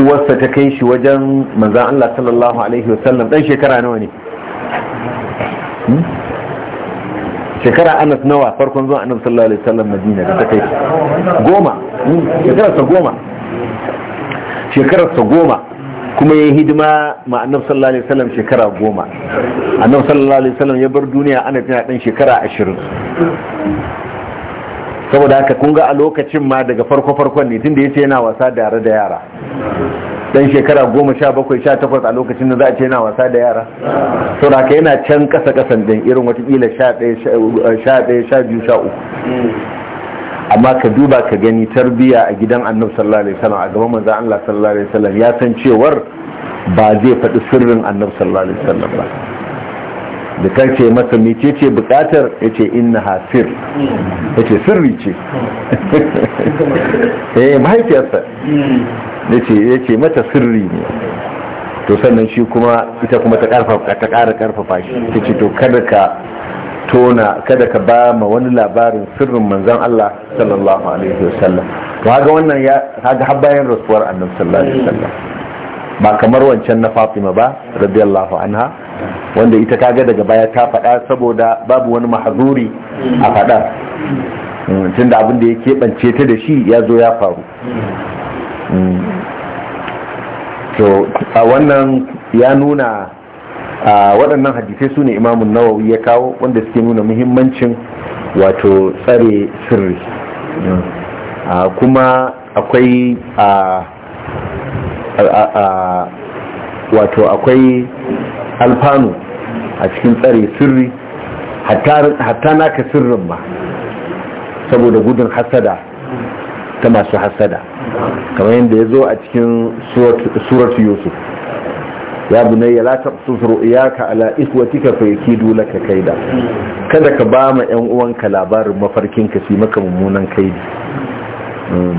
uwarsa ta kai shi wajen manzan Allah sallallahu Alaihi wasallam ɗan shekara nawa ne hmm? shekara anas nawa farkon zuwa annabi sallallahu alaihi wasallam madina da ta kai goma hmm? shekararsa goma shekararsa goma kuma ya hidima ma annabi sallallahu alaihi wasallam shekara goma annabi sallallahu alaihi wasallam ya bar duniya ana tana dan shekara ashirin saboda haka kun ga a lokacin ma daga farko-farkon ne tun da ya ce yana wasa yara da yara dan shekara goma sha bakwai sha takwas a lokacin da za a ce yana wasa da yara da haka yana can kasa-kasan dan irin watakila sha ɗaya sha biyu sha uku amma ka duba ka gani tarbiya a gidan annab sallallahu alaihi wasallam a gaban manzo Allah sallallahu alaihi wasallam ya san cewar ba zai faɗi sirrin annab sallallahu alaihi wasallam ba da ce masa mece ce bukatar ya ce ina hasir ya ce sirri ce yi eh, mahaifiyarsa ya ce mata sirri ne to sannan shi kuma ita kuma ta ƙara ƙarfafa shi ta ce to kada ka tona kada ka ba ma wani labarin sirrin manzan Allah sallallahu alaihi wasallam to haga wannan ya haga har bayan rasuwar annabi sallallahu alaihi wasallam ba kamar wancan na Fatima ba radiyallahu anha wanda ita ga daga baya ta faɗa saboda babu wani mahazuri a faɗa mm, tun da abin da ya keɓance ta da shi ya zo ya faru mm. to a wannan ya nuna a waɗannan hadisai su ne imamun nawawi ya kawo wanda suke nuna muhimmancin wato tsare sirri mm. kuma akwai wato akwai Alfano, a cikin tsare sirri hatta naka sirrin ma saboda gudun hasada ta masu hasada kamar yadda ya zo a cikin suratu yusuf ya bunayya la taqsus ru'yaka ala ikhwatika fa yakidu laka kaida kada ka ba ma yan uwanka labarin mafarkin ka shi maka mummunan kaidi hmm.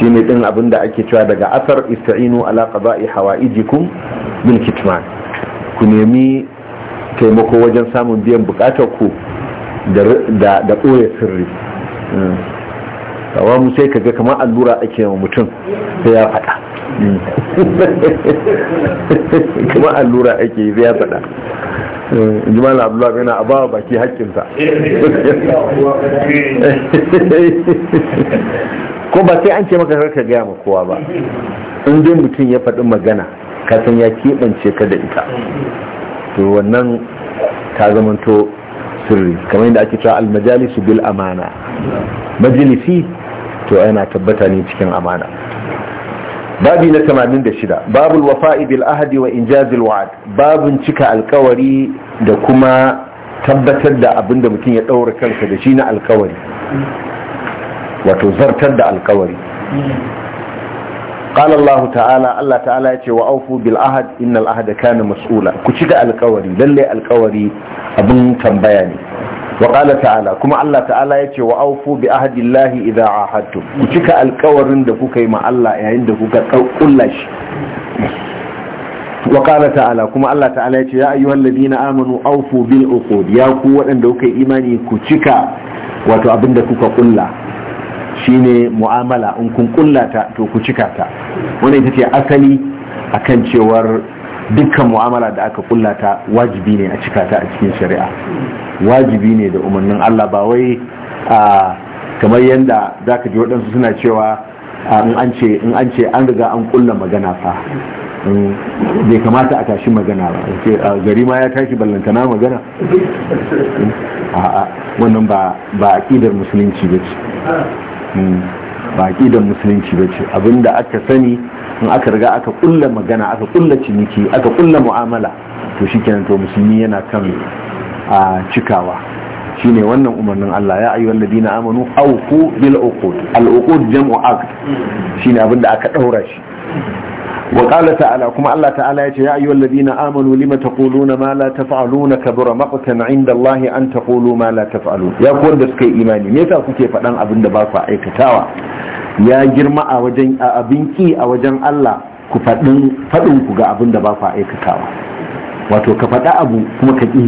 shine din abinda ake cewa daga asar istainu ala qada'i hawaijikum bil kitman ku nemi taimako wajen samun biyan bukatar ku da ɓoye sirri mm. kawo mu sai ga kamar allura ake yawan mutum sai ya faɗa mm. kamar allura ake sai ya faɗa mm. in ji mana abdullahi yana a bawa baki haƙƙinsa ko ba sai an ce maka karka gaya ma kowa ba in dai mutum ya faɗi magana kasan ya keɓance ka da ita to wannan ta zamanto sirri kamar yadda ake cewa almajalisu bil amana majalisi to yana tabbata ne cikin amana babi na 86 babul wafa'i bil ahdi wa injazil wa'd babun cika alkawari da kuma tabbatar da abinda mutum ya daura kansa da shi na alkawari wato zartar da alkawari قال الله تعالى الله تعالى يتي وأوفوا بالعهد إن العهد كان مسؤولا كتك القوري للي القوري أبن تنبياني وقال تعالى كما الله تعالى يتي وأوفوا بعهد الله إذا عاهدتم كتك القوري دكوك ما الله يعندك كل شيء وقال تعالى كما الله تعالى يتي يا أيها الذين آمنوا أوفوا بالعقود يا قوة أن دوك إيماني كتك وتعبندك كل shine mu'amala in kun kullata to ku cika ta wanda ita ce asali kan cewar dukkan mu'amala da aka kullata wajibi ne a cika ta a cikin shari'a wajibi ne da umarnin Allah ba wai kamar yadda zaka ji waɗansu suna cewa in an ce an ce an riga an kulla magana fa bai kamata a tashi magana ba gari ma ya tashi ballantana magana a'a wannan ba ba aqidar musulunci ba. ba da musulunci ba ce abinda aka sani in aka riga aka ƙulla magana aka kulla ciniki aka ƙulla mu'amala to shikenan to musulmi yana kan a cikawa shine wannan umarnin Allah ya ayyuhal ladina amanu auku bil uqud al uqud jam'u aqd shine abinda aka ɗaura shi وقال تعالى كما الله تعالى يا ايها na امنوا لما تقولون ما لا تفعلون كبر na عند الله ان تقولوا ما لا تفعلون يا كون da suke imani me yasa kuke fadan abin da ba ku aikatawa ya girma a abin ki a wajen Allah ku fadin ga abin da ba aikatawa wato ka fada abu kuma ka ki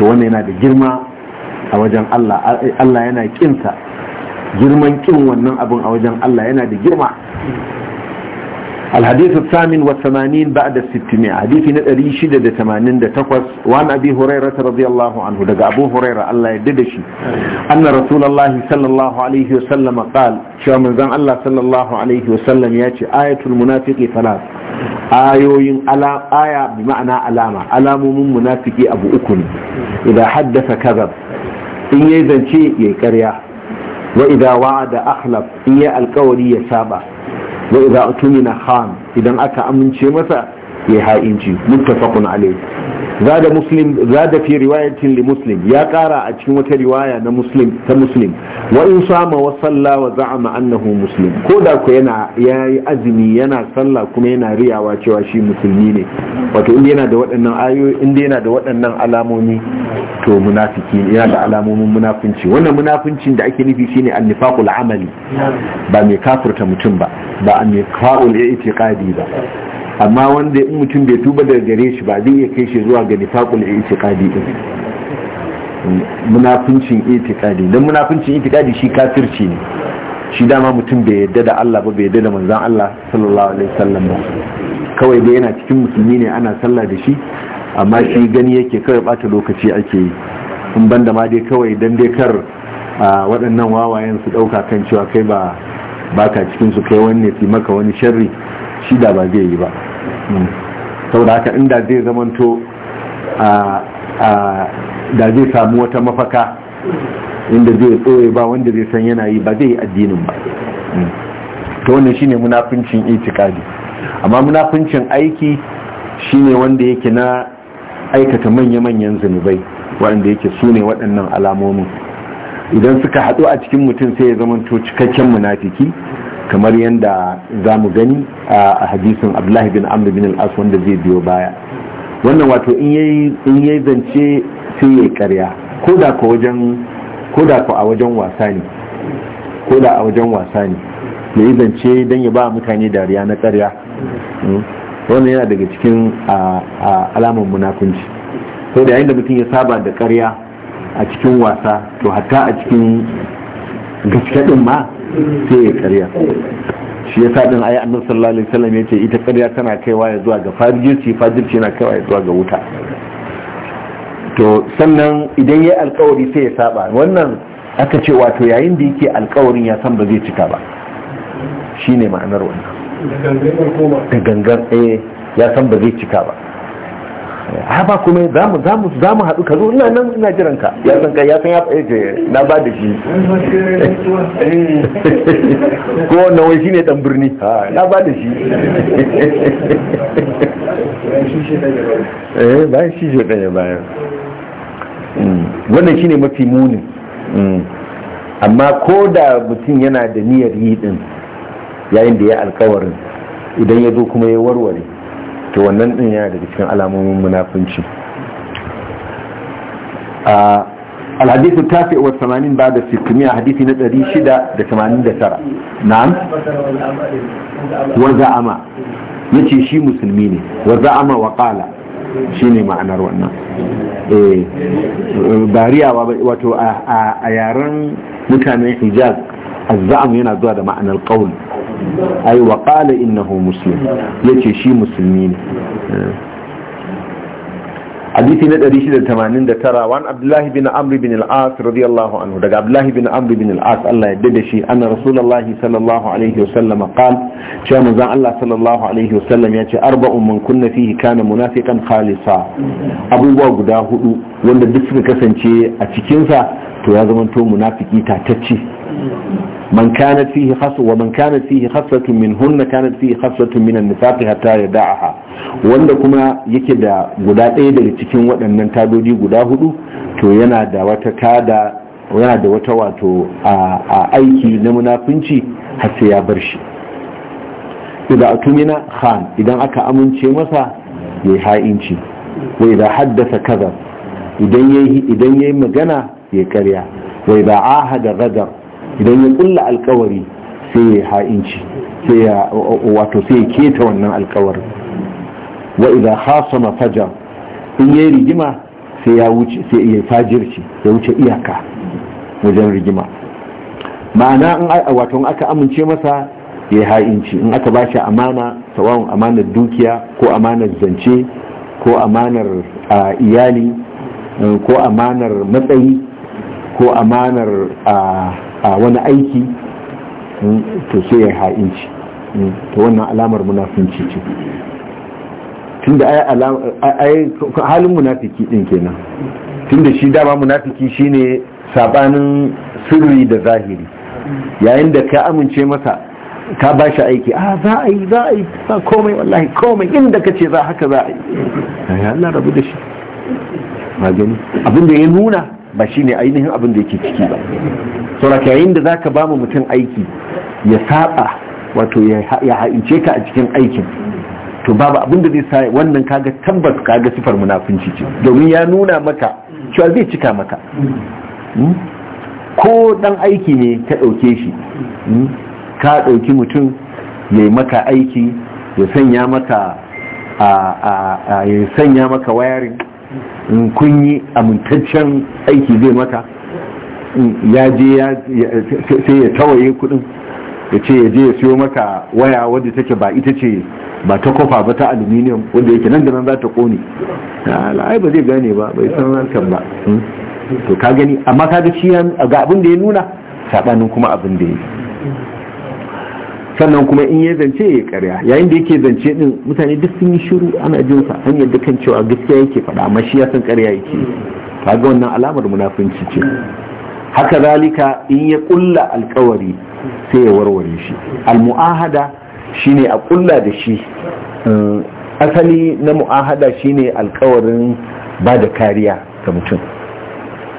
to wannan yana da girma a wajen Allah Allah yana kinsa girman ƙin wannan abin a wajen Allah yana da girma الحديث الثامن والثمانين بعد الستمائة حديث نتري شدة ثمانين تقص وعن أبي هريرة رضي الله عنه لقى أبو هريرة الله يددش أن رسول الله صلى الله عليه وسلم قال شو من ذن الله صلى الله عليه وسلم ياتي آية المنافق ثلاث آيوين ألا آية بمعنى ألامة ألام من منافق أبو أكن إذا حدث كذب إن يزن شيء يكريا وإذا وعد أخلف إن القولي يسابه wa idza utumina khan idan aka amince masa ya ha'inci muttafaqun alayhi zada muslim zada fi riwayatin li muslim ya kara a cikin wata riwaya na muslim ta muslim wa in sama wa salla wa za'ama annahu muslim ko da ku yana yayi azumi yana sallah kuma yana riyawa cewa shi musulmi ne wato inda yana da waɗannan ayoyi inda yana da waɗannan alamomi to munafiki ne yana da alamomin munafinci wannan munafincin da ake nufi shine annifaqul amali ba mai kafurta mutum ba ba a nifaul ya kadi ba amma wanda in mutum bai tuba daga gare shi ba zai iya kai shi zuwa ga nifaqul munafuncin din munafincin don munafuncin munafincin kadi shi kafirci ne shi dama mutum bai yadda da Allah ba bai yadda da manzan Allah sallallahu alaihi wasallam ba kawai dai yana cikin musulmi ne ana sallah da shi amma shi gani yake kawai bata lokaci ake yi in banda ma dai kawai dan dai kar waɗannan wawayen su ɗauka kan cewa kai ba baka cikin su kai wani fi maka wani sharri shi da ba zai yi ba hmm. saboda haka inda zai zamanto a da zai samu wata mafaka inda zai tsoye ba wanda zai san yana yi ba zai yi addinin ba hmm. ta wannan shine munafincin itikadi amma munafincin aiki shine wanda yake na aikata manya-manyan zunubai wanda yake su ne waɗannan alamomin idan suka haɗu a cikin mutum sai ya zama cikakken munafiki kamar yadda za mu gani a hadisin abdullahi bin amr bin al-as wanda zai biyo baya wannan wato in yayi zance sai ya karya ko da ko a wajen wasa ne ko da a wajen wasa ne ya yi zance don ya ba mutane dariya na karya hmm. wannan yana daga cikin alamar munafunci sau da yayin da mutum ya saba da karya a cikin wasa to hatta a cikin gaske din ma sai ya karya shi ya din ayi annabi sallallahu alaihi wasallam ce ita karya tana kaiwa ya zuwa ga fajirci fajirci na kaiwa ya zuwa ga wuta to sannan idan yi alkawari sai ya saba wannan aka ce wato yayin da yake alkawarin ya san ba zai cika ba shine ma'anar wannan da gangan eh ya san ba zai cika ba haba kuma za mu haɗu ka zo ina nan ina jiran ka ya san kai ya san ya faɗe eh, na ba da shi ko na wai shine dan birni ha na ba da shi eh bayan shi shi ɗaya bayan hmm, wannan shine mafi muni hmm, amma ko da mutum yana da niyyar yi din yayin da ya alkawarin idan ya zo kuma ya warware to wannan din ya da cikin alamomin munafunci a alhadisu ta fi wa 80 ba da 600 hadisi na 689 na'am wa za'ama ya ce shi musulmi ne wa za'ama wa kala shi ne ma'anar wannan eh, bariya wato a yaren mutanen hijab. azza'am yana zuwa da ma'anar qaul ai wa qala innahu muslim yace shi musulmi ne hadisi na 689 wan abdullahi bin amr bin al-as radiyallahu anhu daga abdullahi bin amr bin al-as Allah ya dade shi Ana rasulullahi sallallahu alaihi wasallam qal cewa manzon Allah sallallahu alaihi wasallam ya ce arba'un man kunna fihi kana munafiqan khalisa abubuwa guda huɗu, wanda duk suka kasance a cikinsa? to ya zama to munafiki tatacce من كانت فيه khas wa man فيه fihi منهن كانت فيه kanat من النفاق حتى يدعها nisaq كما yada'aha wanda kuma yake da guda ɗaya daga cikin waɗannan tadoji guda hudu to yana da wata kada yana da wata wato a aiki na munafunci har sai ya bar shi idan atumina khan idan aka amince masa yayi ha'inci wa idan haddasa kaza idan yayi idan yayi magana ya karya wa idan ahada ghadar idan ya kulla alkawari sai ya ha'inci sai ya wato sai ya keta wannan alkawari wa idza khasama fajar in yayi rigima sai ya wuce sai ya fajirci ya wuce iyaka wajen rigima ma'ana in wato aka amince masa ya ha'inci in aka bashi amana sawa'un amanar dukiya ko amanar zance ko amanar iyali eh, ko amanar matsayi ko amanar a wani aiki hmm, to sai ya ha'inci hmm, to wannan alamar munafinci ce Tun da halin munafiki din kenan da shi dama munafiki shine sabanin sirri da zahiri yayin da ka amince masa ka ba shi aiki a ah, za a yi za a yi ba komai wallahi komai inda ka ce za haka za a yi ya Allah rabu da shi ma gani abin da ya nuna ba shi ne ainihin abin da yake ciki ba sauraka yayin da zaka ka ba mu mutum aiki ya saba wato ya ha'ince ka a cikin aikin to babu abin da zai sa wannan kaga tabbas kaga sifar munafunci ce domin ya nuna maka cewa zai cika maka hmm? ko dan aiki ne ka ɗauke shi hmm? ka ɗauki mutum ya yi maka aiki ya sanya maka a ya sanya maka wayarin kun yi amintaccen aiki zai maka ya je sai ya tawaye kudin ya ce ya je ya siyo maka waya wadda take ba ita ce ba ta kofa ba ta aluminium wanda yake nan da nan za ta kone ai ba zai gane ba bai san rantar ba hmm? to ka gani amma ka ga shi ga abin da ya nuna sabanin kuma abin da ya sannan kuma in ya zance ya karya yayin da yake zance din mutane duk sun yi shiru ana jin sa an yadda kan cewa gaskiya yake faɗa amma shi ya san karya yake ga wannan alamar munafunci ce haka zalika in ya kulla alkawari sai ya warware shi almu'ahada shine a kulla da shi eh, asali na mu'ahada shine alkawarin ba da kariya ga mutum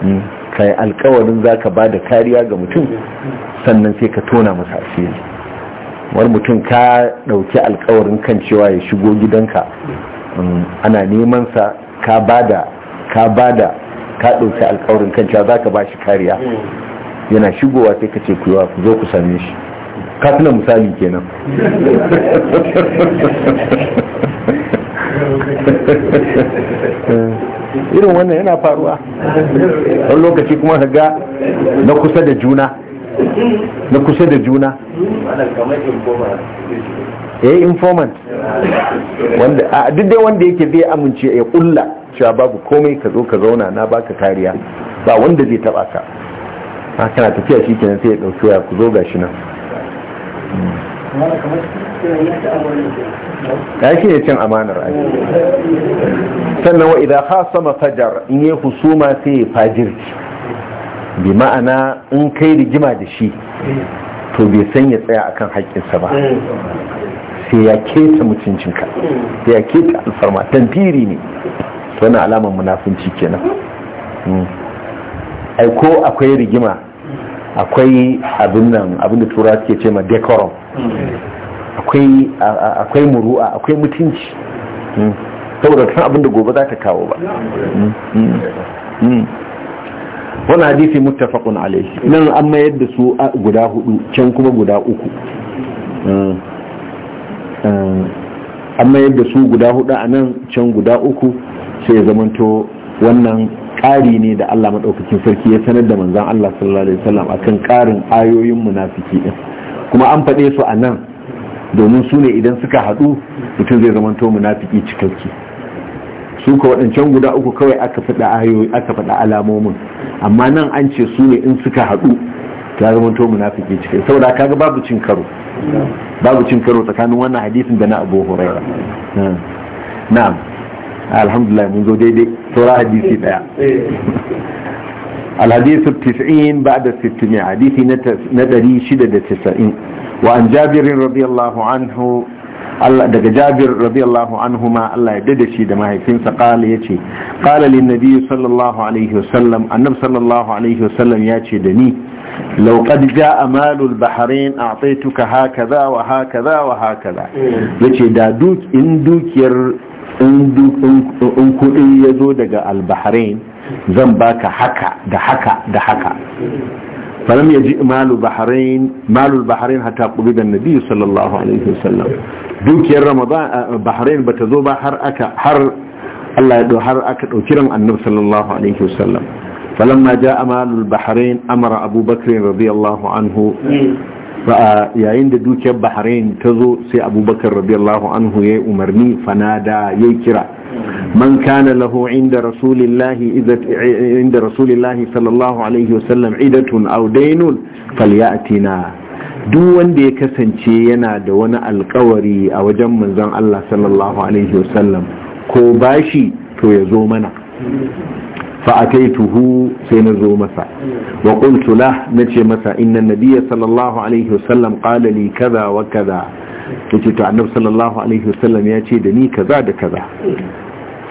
hmm, kai alkawarin zaka ba da kariya ga mutum sannan sai ka tona masa asiri wani mutum ka dauki alkawarin kan cewa ya shigo gidanka hmm, ana neman sa ka bada ka bada ka ɗauki alkawarin kan cewa za ka ba shi kariya yana shigowa sai ka ce ku yawa ku zo ku same shi kafina misali kenan irin wannan yana faruwa wani lokaci kuma ka ga na kusa da juna na kusa da juna yi eh, informant wanda a duk dai wanda yake zai amince ya kulla cewa babu komai ka zo ka zauna na baka kariya ba wanda zai taba ka a ah, kana tafiya shi kenan sai ya ɗauki waya ku zo ga shi nan ya shi ne cin amanar aji sannan wa idan ha sama fajar in yi husuma sai ya fajirci bi ma'ana in kai rigima da shi to bai san ya tsaya akan haƙƙinsa ba sai ya keta mutuncinka sai ya keta alfarma tamfiri ne to na alamar munafunci kenan hmm. ai ko akwai rigima akwai abin nan abin da tura suke ce ma decorum akwai muru'a akwai mutunci hmm. saboda tun abin da gobe za ta kawo ba hmm. wani hadisi muttafaqun alaihi nan an mayar da su guda hudu can kuma guda uku an mayar da su guda hudu a nan can guda uku sai ya zamanto wannan ƙari ne da Allah maɗaukakin sarki ya sanar da manzan Allah sallallahu alaihi wasallam akan ƙarin ayoyin munafiki din kuma an faɗe su a nan domin su ne idan suka haɗu mutum zai zamanto munafiki cikakke su ka waɗancan guda uku kawai aka faɗa ayoyi aka faɗa alamomin amma nan an ce su ne in suka haɗu ta zamanto munafiki cikakke saboda kaga babu cin karo babu cin karo tsakanin wannan hadisin da na Abu Hurairah na'am alhamdulillah mun zo daidai saura hadisi daya الحديث التسعين بعد الستمائة حديث ندري شدة التسعين وعن جابر رضي الله عنه daga jabir radiyallahu anhu ma Allah ya dada shi da mahaifinsa kala ya ce kala lin nabi sallallahu alaihi wasallam annab sallallahu alaihi wasallam ya ce da ni law qad jaa malul bahrain a'taituka hakaza wa hakaza wa hakaza hmm. yace da dukiyar in kuɗi ya zo daga albahrain zan baka haka da haka da haka falam ya ji malul bahrain da nabi sallallahu alaihi wasallam dukiyar ramadan eh, bahrain ba ta zo ba har aka har Allah ya har aka ɗauki ran annabi sallallahu alaihi wasallam falamma ja'a malul bahrain amara abubakar radiyallahu anhu hmm. yayin da dukiyar bahrain ta zo sai abubakar radiyallahu anhu ya yi umarni fanada ya kira man kana lahu inda rasulillahi inda rasulillahi sallallahu alaihi wasallam idatun aw daynun falyatina duk wanda ya kasance yana da wani alkawari a wajen manzon Allah sallallahu alaihi wasallam ko bashi to ya zo mana fa akaituhu sai na zo masa wa qultu la nace masa inna nabiyya sallallahu alaihi wasallam qala li kaza wa kaza kici to annabi sallallahu alaihi wasallam ya ce da ni kaza da kaza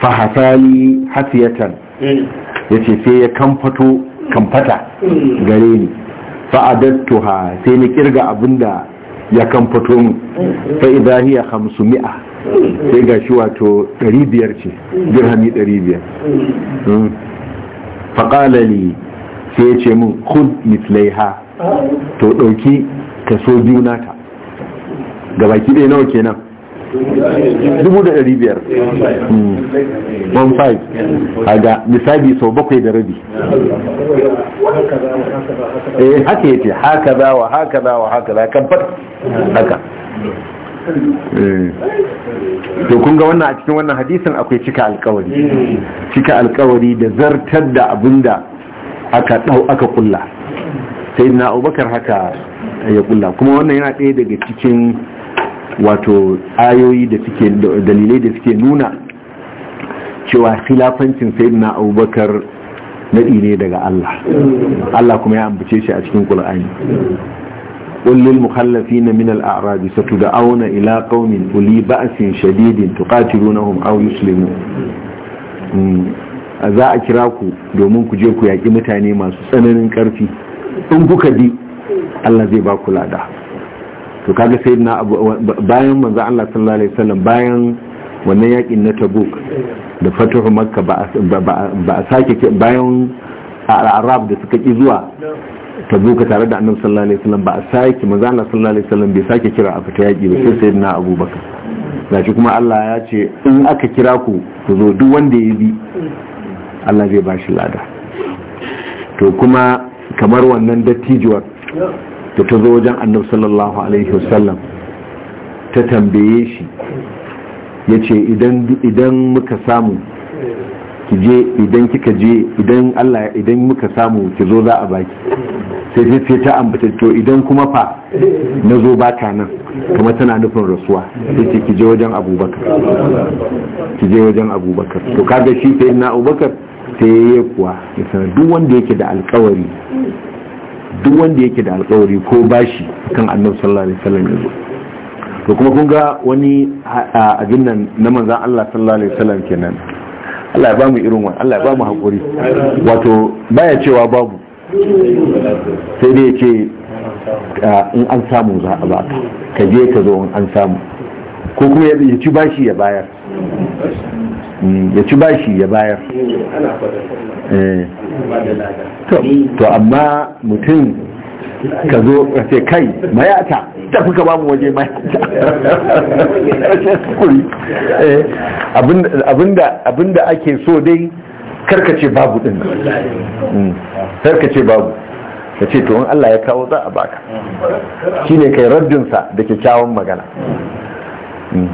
fa hatali hatiyatan yace sai ya kamfato kamfata gare ni fa adattuha sai ni kirga abinda ya kamfato mu fa idan hiya 500 sai ga shi wato 500 ce dirhami 500 faƙala ne sai ya ce min mislai ha to ɗauki so biyu ta ga baki ɗaya nawa kenan dubu da ɗari biyar hmm. misali sau bakwai da rabi eh haka ce. haka za wa haka za wa haka za kan fat haka Eh. to kun ga wannan a cikin wannan hadisin akwai cika alkawari cika alkawari da zartar da abinda aka dau aka kulla sai na abubakar haka ya kulla kuma wannan yana ɗaya daga cikin wato ayoyi da suke dalilai da suke nuna cewa sai na abubakar naɗi ne daga Allah Allah kuma ya ambace shi a cikin ƙul'ani قل للمخلفين من الأعراب ستدعون إلى قوم أولي بأس شديد تقاتلونهم أو يسلمون za a kira ku domin ku je ku yaƙi mutane masu tsananin ƙarfi in kuka bi Allah zai ba ku lada to kaga sai na bayan manzo Allah sallallahu alaihi wasallam bayan wannan yaƙin na Tabuk da fatuhu Makka ba a sake bayan Arab da suka ki zuwa ta ka tare da annabi sallallahu alaihi wasallam ba a sake manzo Allah sallallahu alaihi wasallam bai sake kira a fita yaki ba sai sayyidina abubakar gashi kuma Allah ya ce in aka kira ku ku zo duk wanda ya bi Allah zai bashi lada to kuma kamar wannan dattijuwar da ta zo wajen annabi sallallahu alaihi wasallam ta tambaye shi yace idan idan muka samu ki je idan kika je idan Allah idan muka samu ki zo za a baki sai sai sai ta ambata to idan kuma fa na zo ba ta nan kuma tana nufin rasuwa sai ce ki je wajen abubakar ki je wajen abubakar to kaga shi sai na abubakar sai ya kuwa ya duk wanda yake da alkawari duk wanda yake da alkawari ko bashi kan annabi sallallahu alaihi wasallam ya zo to kuma kun ga wani abin nan na manzan Allah sallallahu alaihi wasallam kenan Allah ya bamu irin wani Allah ya bamu hakuri wato baya cewa babu sai dai ce in an samu za a baka ka je ka zo in an samu ko kuma ya ci bashi ya bayar ya ci bashi ya bayar mm, eh. to amma mutum ka zo ka ce kai mayata kuka ba mu waje mai eh, abinda ake so dai karkace babu din mm. karkace babu ka ce to in Allah ya kawo za a baka shine kai raddinsa da kyakkyawan magana mm.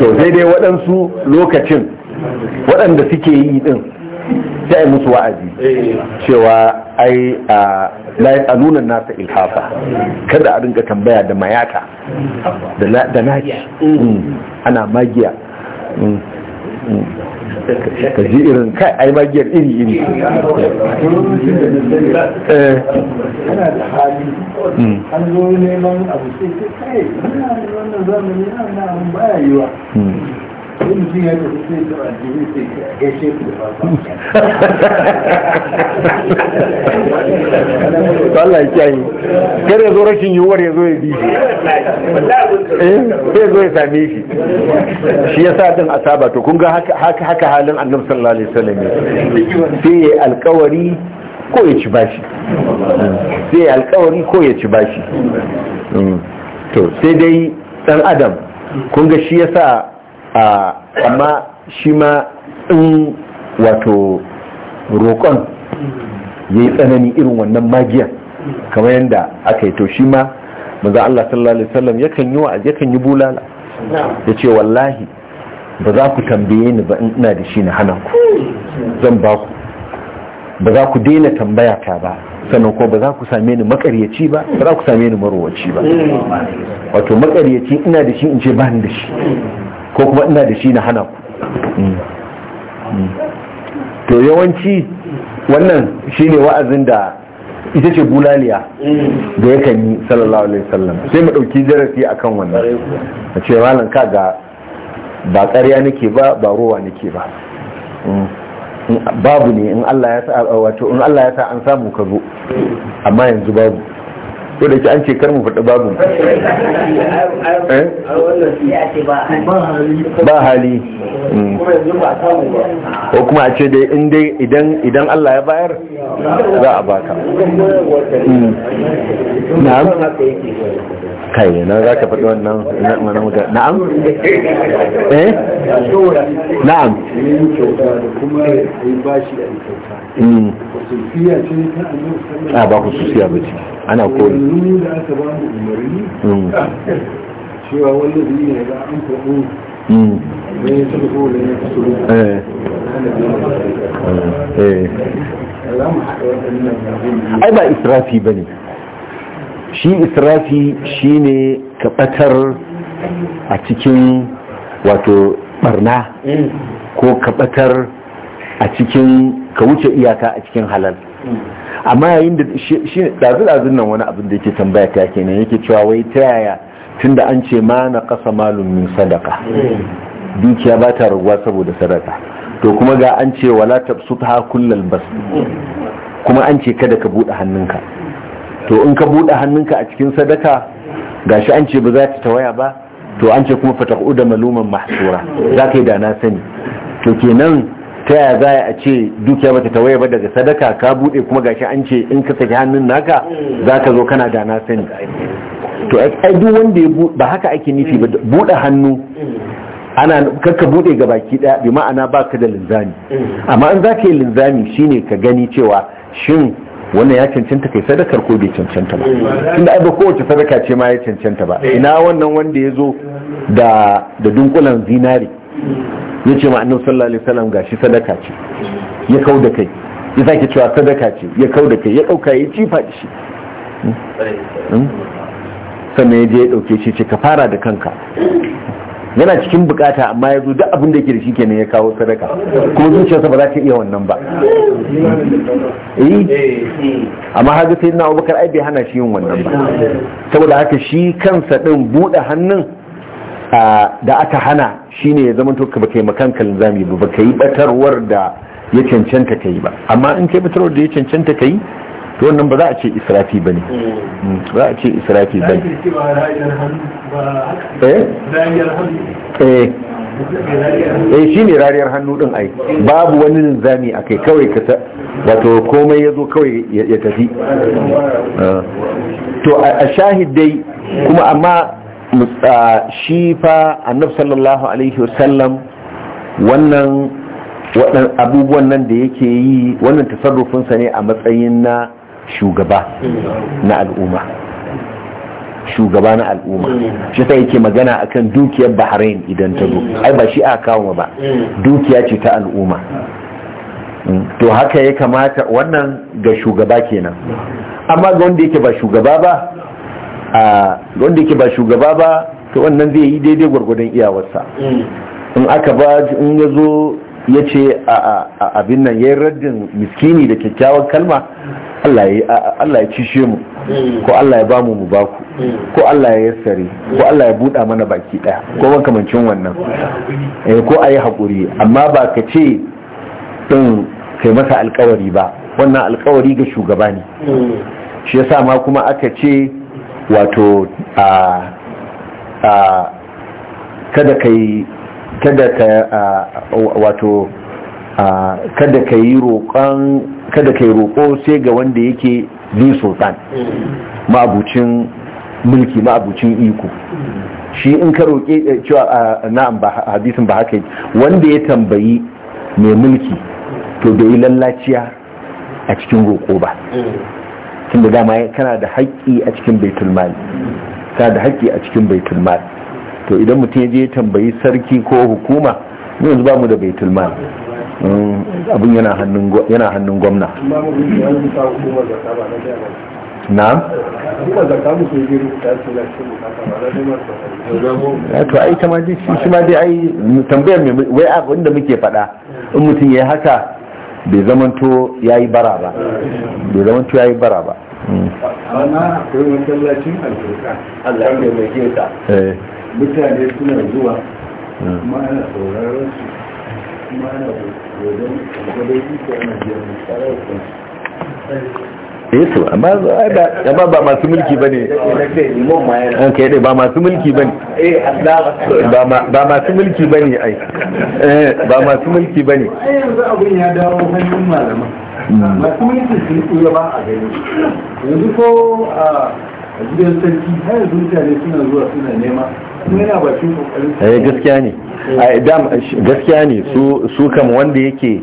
to sai dai waɗansu lokacin waɗanda suke yi din sai musu wa'azi cewa ai a a nuna nasa ilhafa kada a rinka tambaya da mayaka. da naki mm, ana magiya mm, mm. ka ji irin kai ai magiyar iri iri kana eh. da hali an zo neman abu sai kai wannan zamani yana baya yiwa Allah ya yi kar zo rashin yiwuwar ya zo ya bi shi eh, sai zo ya same shi shi ya sa din asaba to kun ga haka halin annabi sallallahu alaihi wasallam sai ya alkawari ko ya ci bashi sai ya alkawari ko ya ci bashi hmm. to sai dai dan adam kun ga shi ya sa amma shi ma in wato roƙon ya yi tsanani irin wannan magiya kamar yadda aka yi to shi ma maza Allah sallallahu alaihi wasallam yakan yi wa kan yi bulala ya ce wallahi ba za ku tambaye ni ba ina da shi na hana ku zan ba ku ba za ku daina tambaya ta ba sannan ko ba za ku same ni makaryaci ba ba za ku same ni marowaci ba wato makaryaci ina da shi in ce ba ni da shi ko kuma ina da shi na hana ku to yawanci wannan shi ne wa'azin da ita ce bulaliya da yakan yi sallallahu alaihi sallam. sai mu dauki zarafi akan wannan a ce malam ka ga ba ƙarya nake ba ba rowa nake ba babu ne in Allah ya sa in Allah ya sa an samu ka zo amma yanzu babu ko da ke an ce kar mu faɗi babu eh? ba hali hmm. ko kuma a ce dai idan Allah ya bayar za a baka hmm. na'am kai na za ka faɗi wannan na'am eh na'am hmm. a ba ku susiya ba ce ana kori da aka ba mu ai ba israfi ba ne shi israfi shi ne kaɓatar a cikin wato ɓarna ko kaɓatar a cikin ka wuce iyaka a cikin halal amma yayin da shi ɗazu dazun nan wani abin da yake tambaya ta kenan yake cewa wai ta yaya tunda an ce ma na kasa malum min sadaka dukiya ba ta raguwa saboda sadaka to kuma ga an ce wala tabsutha kullal bas kuma an ce kada ka buɗe hannunka to in ka bude hannunka a cikin sadaka gashi an ce ba za ta tawaya ba to an ce kuma fatahu da maluman mahsura za ka yi da na sani to kenan ta yaya za a ce dukiya bata tawaye ba daga sadaka ka bude kuma gashi an ce in ka saki hannun naka za ka zo kana da na sani to ai duk wanda ya ba haka ake nufi ba bude hannu ana kakka bude ga baki daya bi ma'ana baka da linzami amma an za yi linzami shine ka gani cewa shin wannan ya cancanta kai sadakar ko bai cancanta ba tunda ai ba kowace sadaka ce ma ya cancanta ba ina wannan wanda ya zo da da dunkulan zinari ya ce ma'anin sallallahu alaihi wasallam gashi sadaka ce ya kau da kai ya sake cewa sadaka ce ya kau da kai ya dauka ya cifa da shi hmm? sannan ya je ya dauke shi ce ka fara da kanka yana cikin bukata amma ya zo duk abin da ke da shi kenan ya kawo sadaka kuma zuciyarsa ba za ta iya wannan ba eh? amma haka sai na abubakar ai bai hana shi yin wannan ba saboda haka shi kansa din buɗe hannun da aka hana shine ya zama ka baka yi makanka linzami ba baka yi batarwar da ya cancanta ka yi ba amma in kai batarwar da ya cancanta ka yi to wannan ba za a ce israfi ba ne Ba hmm, a ce israfi ba ne eh eh, eh shi ne rariyar hannu din ai babu wani linzami a kai kawai ka ta wato komai ya zo kawai ya tafi hmm. ah. to a shahid dai kuma amma Ah, shi fa annabi sallallahu alaihi wasallam wannan abubuwan nan da yake yi wannan tasarrufinsa ne a matsayin na shugaba na al'umma shugaba na al'umma shi sai yake magana akan dukiyar bahrain idan ta zo ai ba shi a kawo ba dukiya ce ta al'umma mm. to haka ya kamata wannan ga shugaba kenan amma ga wanda yake ba shugaba ba a wanda yake ba shugaba ba to wannan zai yi daidai gwargwadon iyawarsa in aka ba in ya zo ya ce a abin nan ya yi raddin miskini da kyakkyawan kalma Allah ya shi mu ko Allah ya bamu mu baku ko Allah ya yassare ko Allah ya buɗa mana baki ɗaya ko makamancin wannan eh, ko a yi haƙuri amma ba ka ce ɗin kai masa alkawari ba wannan alkawari ga shugaba ne shi ya sa ma kuma aka ce wato a kada ka kada ka wato kada kai roƙon kada kai roƙo sai ga wanda yake zai sultan ma'abucin mulki ma'abucin iko shi in ka roƙe eh, cewa na'am ba hadisin ba haka wanda ya tambayi mai mulki to bai yi lallaciya a cikin roƙo ba tunda dama kana da haƙƙi a cikin baitul mali kana da haƙƙi a cikin baitul mali to idan mutum ya je tambayi sarki ko hukuma yanzu ba mu da baitul mali mm, abin yana hannun gwamna na? Eh, to ai ta maji shi ma dai ai tambayar mai wai abin da muke fada in mutum ya haka bai zamanto ya yi bara ba bai zamanto ya yi bara ba amma akwai masallacin alfurka Allah ya mai keta eh. mutane suna zuwa hmm. kuma ana sauraron su kuma ana wajen gabashi ko ana biyan musarar yesu eh amma ba masu mulki ba ne ok dai ba masu mulki eh, ba ne ba masu mulki ba ne ai ba masu mulki ba ne ya dawo hannun malaman masu mulki sun tsoya ba a gani yanzu ko a gidan sarki har yanzu mutane suna zuwa suna nema yana eh, gaskiya ne eh. gaskiya ne su kam wanda yake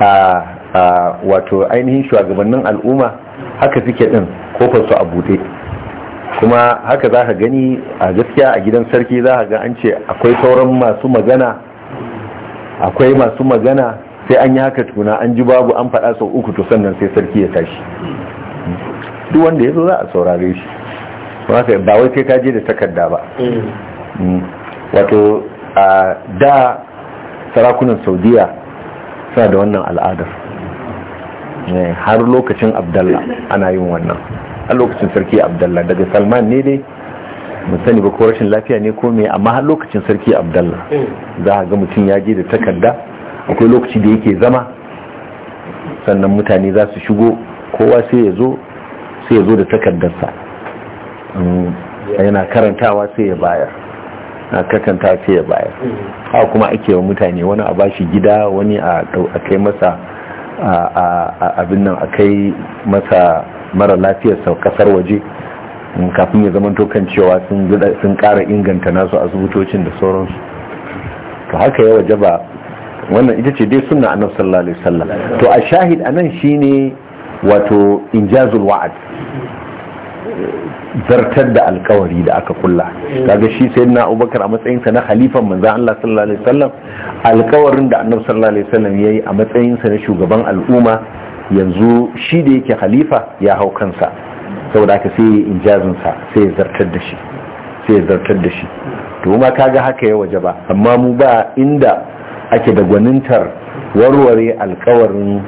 a wato ainihin shugabannin al'umma haka suke din ko su a bude kuma haka za ka gani a gaskiya a gidan sarki za ka ga an ce akwai sauran masu magana akwai masu magana sai an yi haka tuna an ji babu an faɗa sau uku to sannan sai sarki ya tashi duk wanda ya zo za a saurare shi ba wai kai je da takarda ba mm. wato a da sarakunan saudiya suna da wannan al'adar eh, har lokacin abdallah ana yin wannan a lokacin sarki abdallah daga salman ne dai sani ba ko rashin lafiya ne ko mai amma har lokacin sarki abdallah mm. za a ga mutum ya je da takarda akwai lokaci da yake zama sannan mutane za su shigo kowa sai ya zo sai ya zo da takardarsa yana karantawa sai ya bayar na kakanta sai ya bayar haka kuma ake wa mutane wani a bashi gida wani a kai masa abin nan a kai masa mara lafiyarsa kasar waje kafin ya zama kan cewa sun kara inganta nasu asibitocin da sauransu to haka ya waje ba wannan ita ce dai suna annabi sallallahu alaihi wasallam to a shahid anan shine wato injazul wa'ad zartar da alkawari da aka kulla kaga shi sai na abubakar a matsayinsa na khalifan manzan Allah sallallahu alaihi wasallam alkawarin da annabi sallallahu alaihi wasallam yayi a matsayinsa na shugaban al'umma yanzu shi da yake khalifa ya hau kansa saboda haka sai ya injazin sa sai ya zartar da shi sai zartar da shi to ma kaga haka ya waje ba amma mu ba inda ake da gwanintar warware alkawarin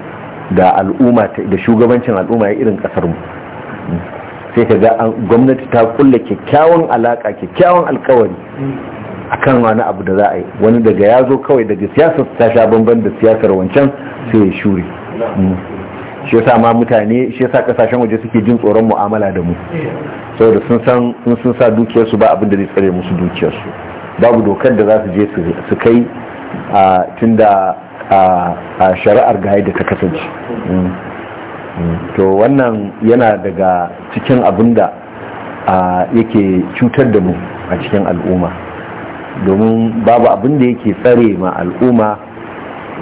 da al'umma da shugabancin al'umma ya irin kasar mu sai ka ga gwamnati ta kulle kyakkyawan alaka kyakkyawan alkawari akan wani abu da za a yi wani daga ya zo kawai daga siyasar ta sha bamban da siyasar wancan sai ya shuri mm. shi yasa ma mutane shi yasa kasashen waje suke jin tsoron mu'amala da mu saboda sun san sun sa dukiyarsu ba abin da zai tsare musu dukiyarsu babu dokar da za su je su kai tun da shari'ar ga da ta kasance mm. Mm. to wannan yana daga cikin abin da yake cutar da mu a cikin al'umma domin babu abin da yake tsare ma al'umma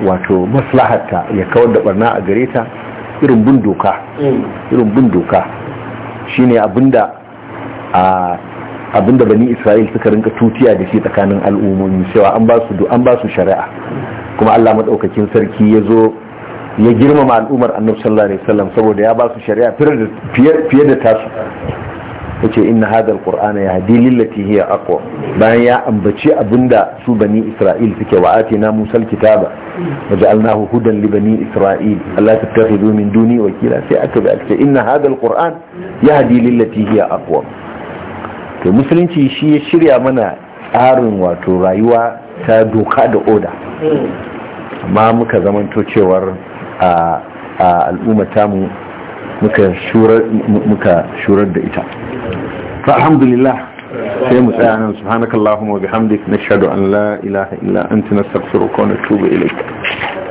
wato maslahatta ya kawar da barna a gare ta irin bin doka mm. irin bin doka shine abin da abinda bani isra'il suka rinka tutiya da shi tsakanin al'ummomi cewa an ba su an ba su shari'a kuma Allah madaukakin sarki ya zo ya girmama al'ummar annabi sallallahu alaihi wasallam saboda ya ba su shari'a fiye da tasu yace inna hadha alqur'ana yahdi lati hiya aqwa bayan ya ambaci abinda su bani isra'il suke wa atina musal kitaba waj'alnahu hudan li bani isra'il alla tattakhidhu min duni wakila sai aka bi inna hadha alqur'an yahdi lati hiya aqwa to musulunci shi ya shirya mana tsarin wato rayuwa ta doka da oda amma muka zamanto cewar a al'ummata mu muka shurar da ita alhamdulillah sai mu tsaya nan subhanakallahumma wa bihamdik nashhadu an la ilaha illa anta nastaghfiruka wa natubu ilayk